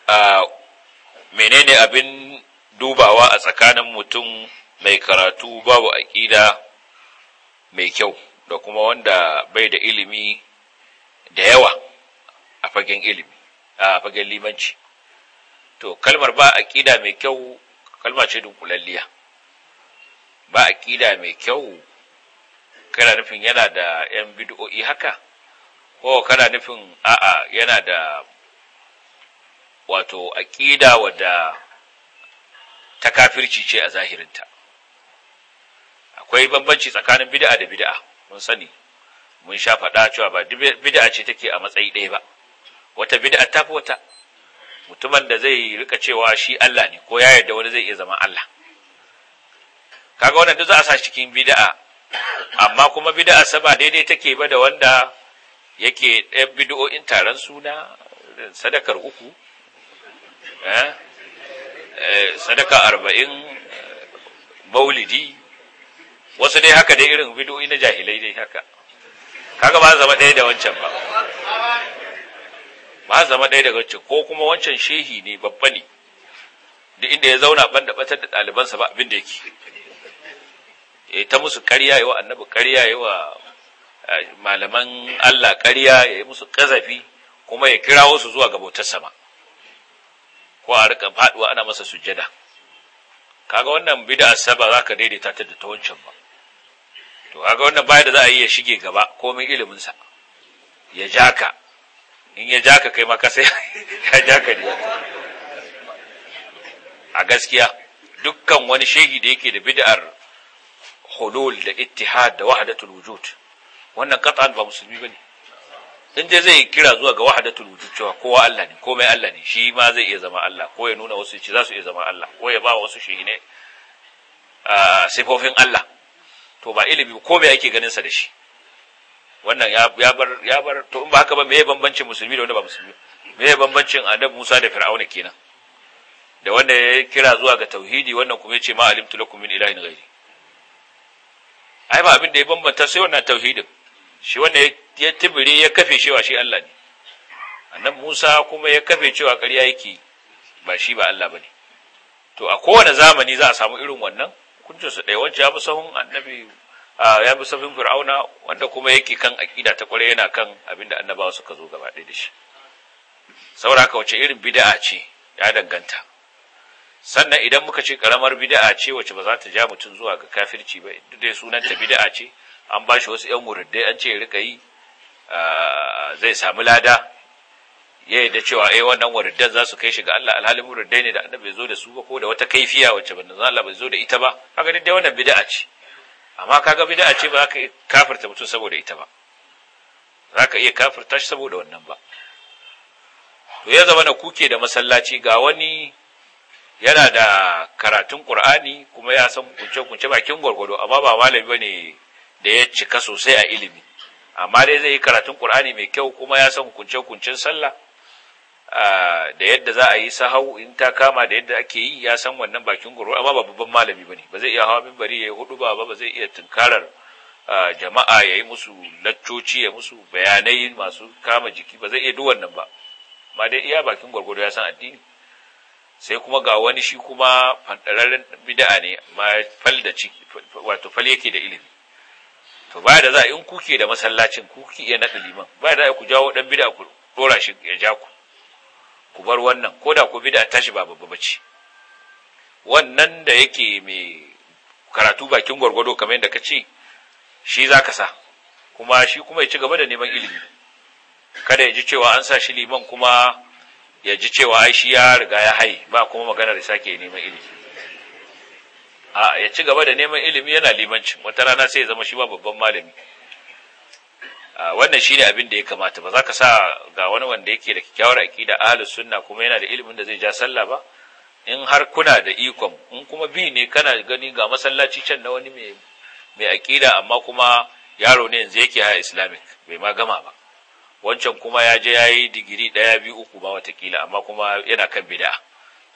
a menene abin dubawa a tsakanin mutum mai karatu babu aƙida mai kyau da kuma wanda bai da ilimi da yawa a fagen ilimi a fagen limanci to kalmar ba aqida mai kyau kalma ce dunkulalliya ba aqida mai kyau kana nufin yana da yan bid'o'i haka ko kana nufin a'a yana da wato aqida wadda ta kafirci ce a zahirinta akwai bambanci tsakanin bid'a da bid'a mun sani mun sha faɗa cewa ba bid'a ce take a matsayi ɗaya ba wata bid'a ta fi wata mutumin da zai rika cewa shi Allah ne ko ya yarda wani zai iya zama Allah kaga wannan duk za a sa cikin bid'a amma kuma bid'a saba daidai take ba da wanda yake ɗayan bid'o'in taron suna sadakar uku eh, eh, sadaka arba'in maulidi wasu dai haka dai irin bid'o'i na jahilai dai haka kaga ba zama ɗaya da wancan ba ba zama ɗaya daga cikin ko kuma wancan shehi ne babba ne duk inda ya zauna ban da batar da ɗalibansa ba abin da yake ya ta musu ƙarya yi wa annabi ƙarya yi wa eh, malaman Allah karya ya yi musu ƙazafi kuma ya kirawo su zuwa bautar sama ko a rika faɗuwa ana masa sujjada kaga wannan bid'a saba ka daidaita ta da ta wancan ba to kaga wannan baya da za a yi ya shige gaba komai ilimin sa ya ja ka in ya ja ka kai maka sai ya ja ka ne a gaskiya dukkan wani shehi da yake da bid'ar hulul da ittihad da wahdatul wujud wannan qat'an ba musulmi bane in dai zai kira zuwa ga wahdatul wujud cewa kowa Allah ne komai Allah ne shi ma zai iya zama Allah ko ya nuna wasu ci za su iya zama Allah ko ya ba wasu shehi ne ah, sifofin Allah to ba ilimi ko me yake ganin sa da shi wannan ya bar ya bar to in ba haka ba meye bambancin musulmi da wanda ba musulmi meye bambancin annabi Musa da Fir'auna kenan da wanda ya kira zuwa ga tauhidi wannan kuma yace ma alimtu lakum min ilahin ghairi ai ba abin da ya bambanta sai wannan tauhidin shi wanda ya tibiri ya kafe cewa shi Allah ne annabi Musa kuma ya kafe cewa ƙarya yake ba shi ba Allah bane to a kowane zamani za a samu irin wannan Kun su ɗaya wancan ya fi sahun annabi ya bi safin fir'auna wanda kuma yake kan aƙida ta kwarai yana kan abinda annabawa suka zo gaba ɗaya da shi saboda haka wace irin bid'a ce ya danganta sannan idan muka ce karamar bid'a ce wace ba za ta ja mutum zuwa ga kafirci ba duk dai sunanta bid'a ce an ba shi wasu yan muriddai an ce ya rika yi zai samu lada ya da cewa eh wannan muriddan za su kai shi ga Allah alhalin muriddai ne da annabi zo da su ba ko da wata kaifiya wacce ban Allah bai zo da ita ba kaga dai wannan bid'a ce amma kaga bid'a ce ba za ka kafirta mutum saboda ita ba za ka iya kafirta shi saboda wannan ba to ya zama na kuke da masallaci ga wani yana da karatun qur'ani kuma ya san kunce kunce bakin gwargwado amma ba malami bane da ya cika sosai a ilimi amma dai zai yi karatun qur'ani mai kyau kuma ya san kunce kuncin sallah da yadda za a yi sahau in ta kama da yadda ake yi ya san wannan bakin goro amma ba babban malami bane ba zai iya hawa minbari ya yi hudu ba ba zai iya tunkarar jama'a ya yi musu laccoci ya musu bayanai masu kama jiki ba zai iya duk wannan ba Amma dai iya bakin gwargwado ya san addini sai kuma ga wani shi kuma fandararren bid'a ne ma fal da ciki wato fal yake da ilimi to baya da za in kuke da masallacin kuke iya naɗa liman ba da za ku jawo dan bid'a ku dora shi ya ja ku ku bar wannan ko da ku bi da tashi ba babba bace wannan da yake mai karatu bakin gwargwado kamar yadda kace shi zaka sa kuma shi kuma ya ci gaba da neman ilimi kada ya ji cewa an sa shi liman kuma ya ji cewa ai shi ya riga ya haye ba kuma maganar da sake neman ilimi a ya ci gaba da neman ilimi yana limanci, wata rana sai ya zama shi ba babban malami Ah, wannan shine abin da ya kamata ba za ka sa ga wani wanda yake da kyakkyawar a ahlus sunna kuma yana da ilimin da zai ja sallah ba in har kuna da ikon in kuma bi ne kana gani ga masallaci can na wani mai mai amma kuma yaro ne yanzu yake haya islamic bai ma gama ba wancan kuma ya je ya yi digiri ɗaya biyu uku ba watakila amma kuma yana kan bid'a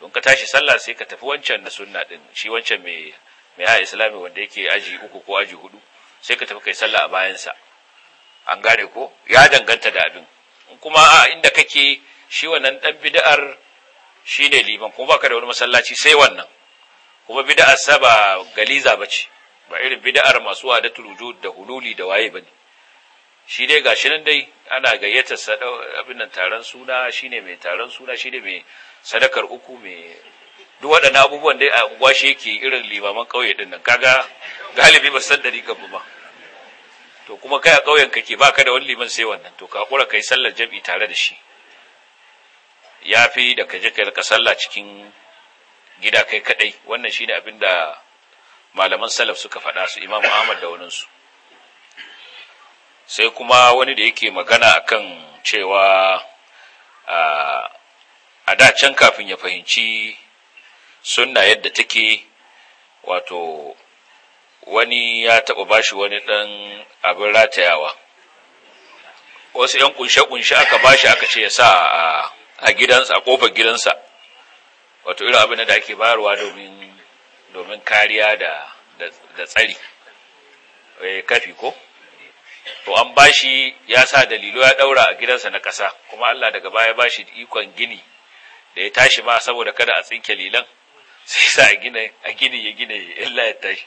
don ka tashi sallah sai ka tafi wancan na sunna din shi wancan mai mai haya islamic wanda yake aji uku ko aji hudu sai ka tafi kai sallah a bayansa. an gane ko ya danganta da abin kuma a inda kake shi wannan dan bid'ar shine liman kuma baka da wani masallaci sai wannan kuma bid'ar sa ba galiza bace ba irin bid'ar masu wada turuju da hululi da waye bane shi dai gashi nan dai ana gayyata abin nan taron suna shine mai taron suna shine mai sadakar uku mai duk waɗannan abubuwan dai a unguwa shi yake irin limaman ƙauye ɗin nan kaga galibi ba san ɗari ba to kuma kai a ƙauyen kake ka da wani liman sai wannan to ka ka yi sallar jam'i tare da shi ya fi da ka je ka sallah cikin gida kai kaɗai, wannan shi ne abin da malaman salaf suka faɗa su Imam ahmad da wani su. sai kuma wani da yake magana akan cewa a da can kafin ya fahimci sunna yadda take wato wani ya taɓa bashi wani ɗan abin ratayawa wasu ‘yan kunshe-kunshe aka bashi aka ce ya sa a gidansa a ƙofar gidansa wato irin abin da ake bayarwa domin kariya da tsari eh, kafi ko to an bashi ya sa dalilo ya daura a gidansa na ƙasa kuma Allah daga baya bashi ikon gini da ya tashi ma saboda kada a tsinke lilan sai sa a gina a gini ya gine illa ya tashi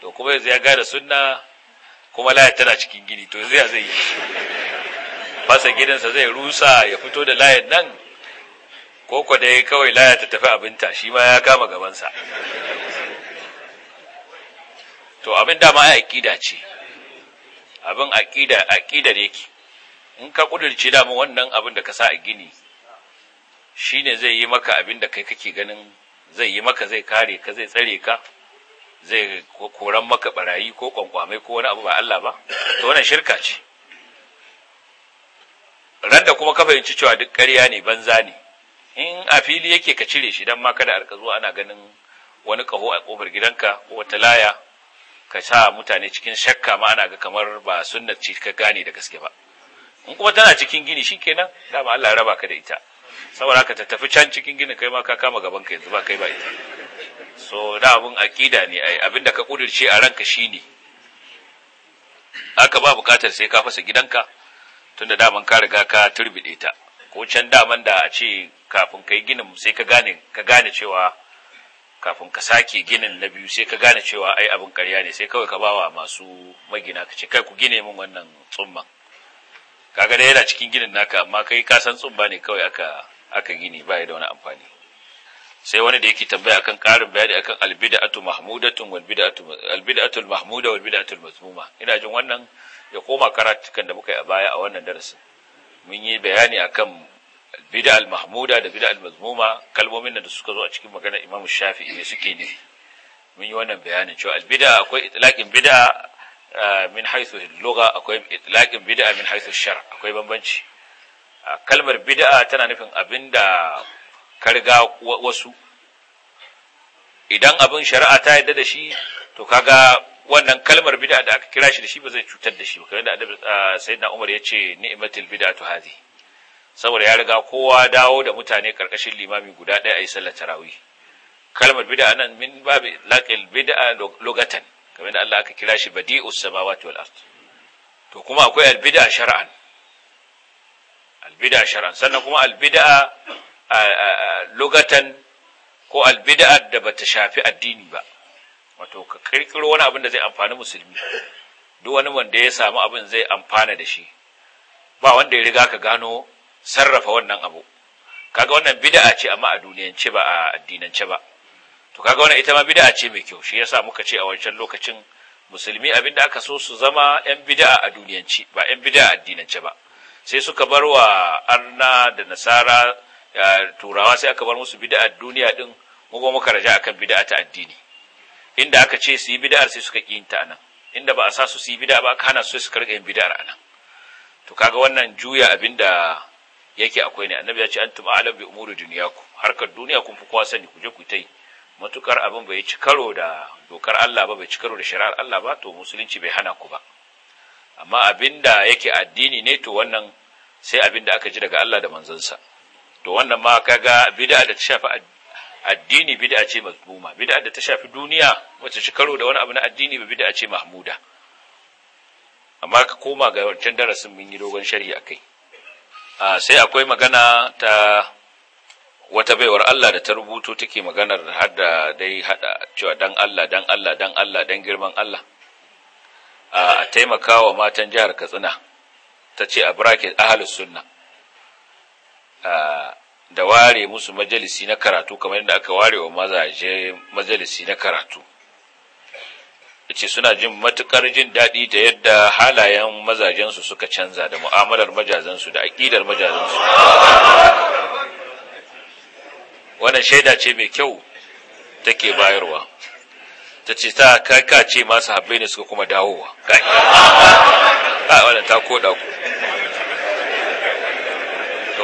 to kuma yanzu ya gane sunna kuma laya tana cikin gini to zai zai yi fasa gidansa zai rusa ya fito da layin nan ko ko dai kawai laya ta tafi abinta shi ma ya kama gabansa to abin dama ai aƙida ce abin aƙida aƙida ne ki in ka kudurci dama wannan abin da ka sa a gini shine zai yi maka abin da kai kake ganin zai yi maka zai kare ka zai tsare ka zai koran maka barayi ko kwankwamai ko wani abu ba Allah ba to wannan shirka ce randa kuma ka fahimci cewa duk ƙarya ne banza ne in a fili yake ka cire shi dan ma kada arka zuwa ana ganin wani kaho a kofar gidanka ko wata laya ka sa mutane cikin shakka ma ana ga kamar ba sunnar ce ka gane da gaske ba in kuma tana cikin gini shikenan dama Allah ya raba ka da ita saboda haka ta tafi can cikin gini kai ma ka kama gaban ka yanzu ba kai ba ita so da abun akida ne ai da ka kudirce a ranka shine aka ba bukatar sai ka fasa gidanka tunda daman ka riga ka turbide ta ko can daman da a ce kafin kai ginin sai ka gane ka gane cewa kafin ka sake ginin na biyu sai ka gane cewa ai abin ƙarya ne sai kawai ka bawa masu magina ka ce kai ku gine min wannan tsumman kaga da yana cikin ginin naka amma kai ka san tsumba ne kawai aka aka gini ba da wani amfani sai wani da yake tambaya akan ƙarin bayani akan albid'atu mahmudatun wal bid'atu albid'atu mahmuda wal bid'atu mazmuma ina jin wannan ya koma karatukan da muka yi a baya a wannan darasin mun yi bayani akan bid'al mahmuda da bid'al mazmuma kalmomin da suka zo a cikin magana Imam Shafi'i ne suke ne mun yi wannan bayanin cewa albid'a akwai itlaqin bid'a min haythu al-lugha akwai itlaqin bid'a min haythu shar akwai bambanci kalmar bid'a tana nufin abinda karga wasu idan abin shari'a ta yadda da shi to kaga wannan kalmar bid'a da aka kira shi da shi ba zai cutar da shi ba kamar da ah, sayyidina Umar ya ce ni'matul bid'atu hazi saboda ya riga kowa dawo da mutane karkashin limami guda ɗaya a yi sallar tarawih kalmar bid'a nan min babu laqil bid'a lugatan kamar da Allah aka kira shi badi'us samawati wal ard to kuma akwai al bid'a shar'an al bid'a shar'an sannan kuma al bid'a lugatan ko albida'ar da bata shafi addini ba wato ka kirkiro wani abin da zai amfani musulmi duk wani wanda ya samu abin zai amfana da shi ba wanda ya riga ka gano sarrafa wannan abu kaga wannan bida'a ce amma a duniyance ba a addinance ba to kaga wannan ita ma bida'a ce mai kyau shi ya sa muka ce a wancan lokacin musulmi abin da aka so su zama yan bida'a a duniyance ba yan bida'a a addinance ba sai suka bar wa arna da nasara turawa sai aka bar musu bida'ar duniya din mu muka raja akan bid'a ta addini inda aka ce su yi bid'ar sai suka kinta ta anan inda ba a sa su su yi bid'a ba aka hana su suka rika yin bid'ar anan to kaga wannan juya abinda yake akwai ne annabi ya ce antum a'lam bi umuri dunyaku harkar duniya kun fi kowa sani ku je ku tai matukar abin bai ci karo da dokar Allah ba bai ci karo da shari'ar Allah ba to musulunci bai hana ku ba amma abinda yake addini ne to wannan sai abinda aka ji daga Allah da manzansa to wannan ma kaga bid'a da ta shafi addini bid'a ce mazmuma bid'a da ta shafi duniya wacce shi karo da wani abu na addini ba bid'a ce mahmuda amma ka koma ga wancan darasin mun yi dogon sharhi akai sai akwai magana ta wata baiwar Allah da ta rubuto take maganar har da dai hada cewa dan Allah dan Allah dan Allah dan girman Allah a taimakawa matan jihar Katsina ta ce a bracket ahlus sunna da ware musu majalisi na karatu kamar yadda aka ware wa mazaje majalisi na karatu ce suna jin matukar jin daɗi da yadda halayen mazajensu suka canza da mu'amalar majazansu da aƙidar majazansu wannan shaida ce mai kyau take bayarwa ta ce ta kaka ce masu haɓe ne suka kuma dawowa kai a wannan ta koɗa ku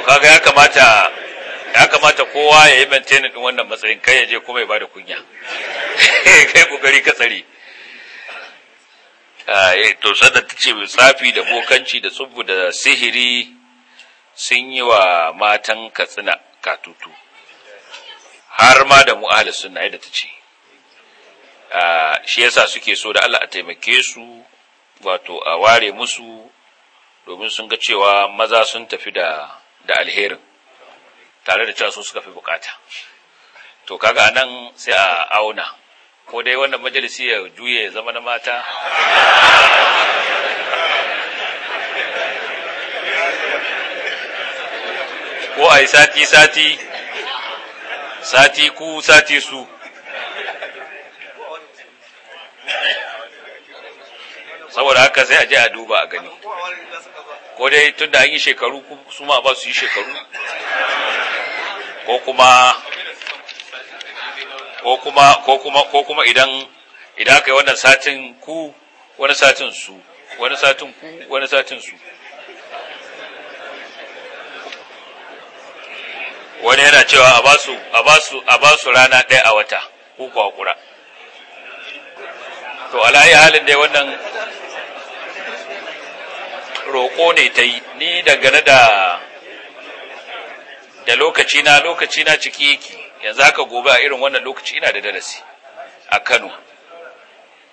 kaga ya kamata ya kamata kowa ya yi maintain din wannan matsayin kai ya je kuma ya bada kunya kai kokari ka tsare ah, eh, to sada ta ce safi da bokanci da tsubu da sihiri sun yi wa matan katsina katutu har ma da ahli suna yadda ta ce ah, shi yasa suke so da Allah a taimake su wato a ware musu domin sun ga cewa maza sun tafi da da alherin tare da cewa su suka fi bukata to kaga nan sai a auna ko dai wannan majalisi ya juye zama na mata ko a yi sati-sati sati ku sati su saboda haka sai a je a duba a gani ko dai tun da an yi shekaru su ma ba su yi shekaru ko kuma ko kuma idan idan aka yi wannan satin ku wani satin su wani satin ku wani satin su wani yana cewa a ba su rana ɗaya a wata ko ku kura? to alayi halin dai wannan roƙo ne ta yi ni dangane da da lokaci na lokaci na ciki yake yanzu haka gobe a irin wannan lokaci ina da darasi a Kano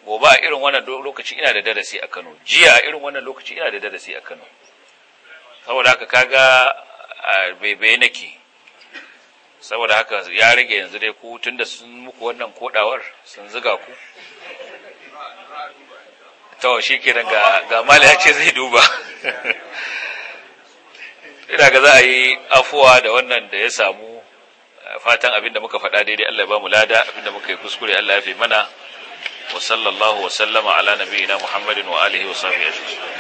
gobe a irin wannan lokaci ina da darasi a Kano jiya a irin wannan lokaci ina da darasi a Kano saboda haka kaga bebe nake saboda haka ya rage yanzu dai ku tunda sun muku wannan kodawar sun ziga ku to shi ke ga ga mala ya ce zai duba ina ga za a yi afuwa da wannan da ya samu eh, fatan abin da muka faɗa daidai Allah ya ba mu lada abin da muka yi kuskure Allah ya fi mana wa sallallahu wa sallama ala nabiyina Muhammadin wa alihi wa sahbihi ajma'in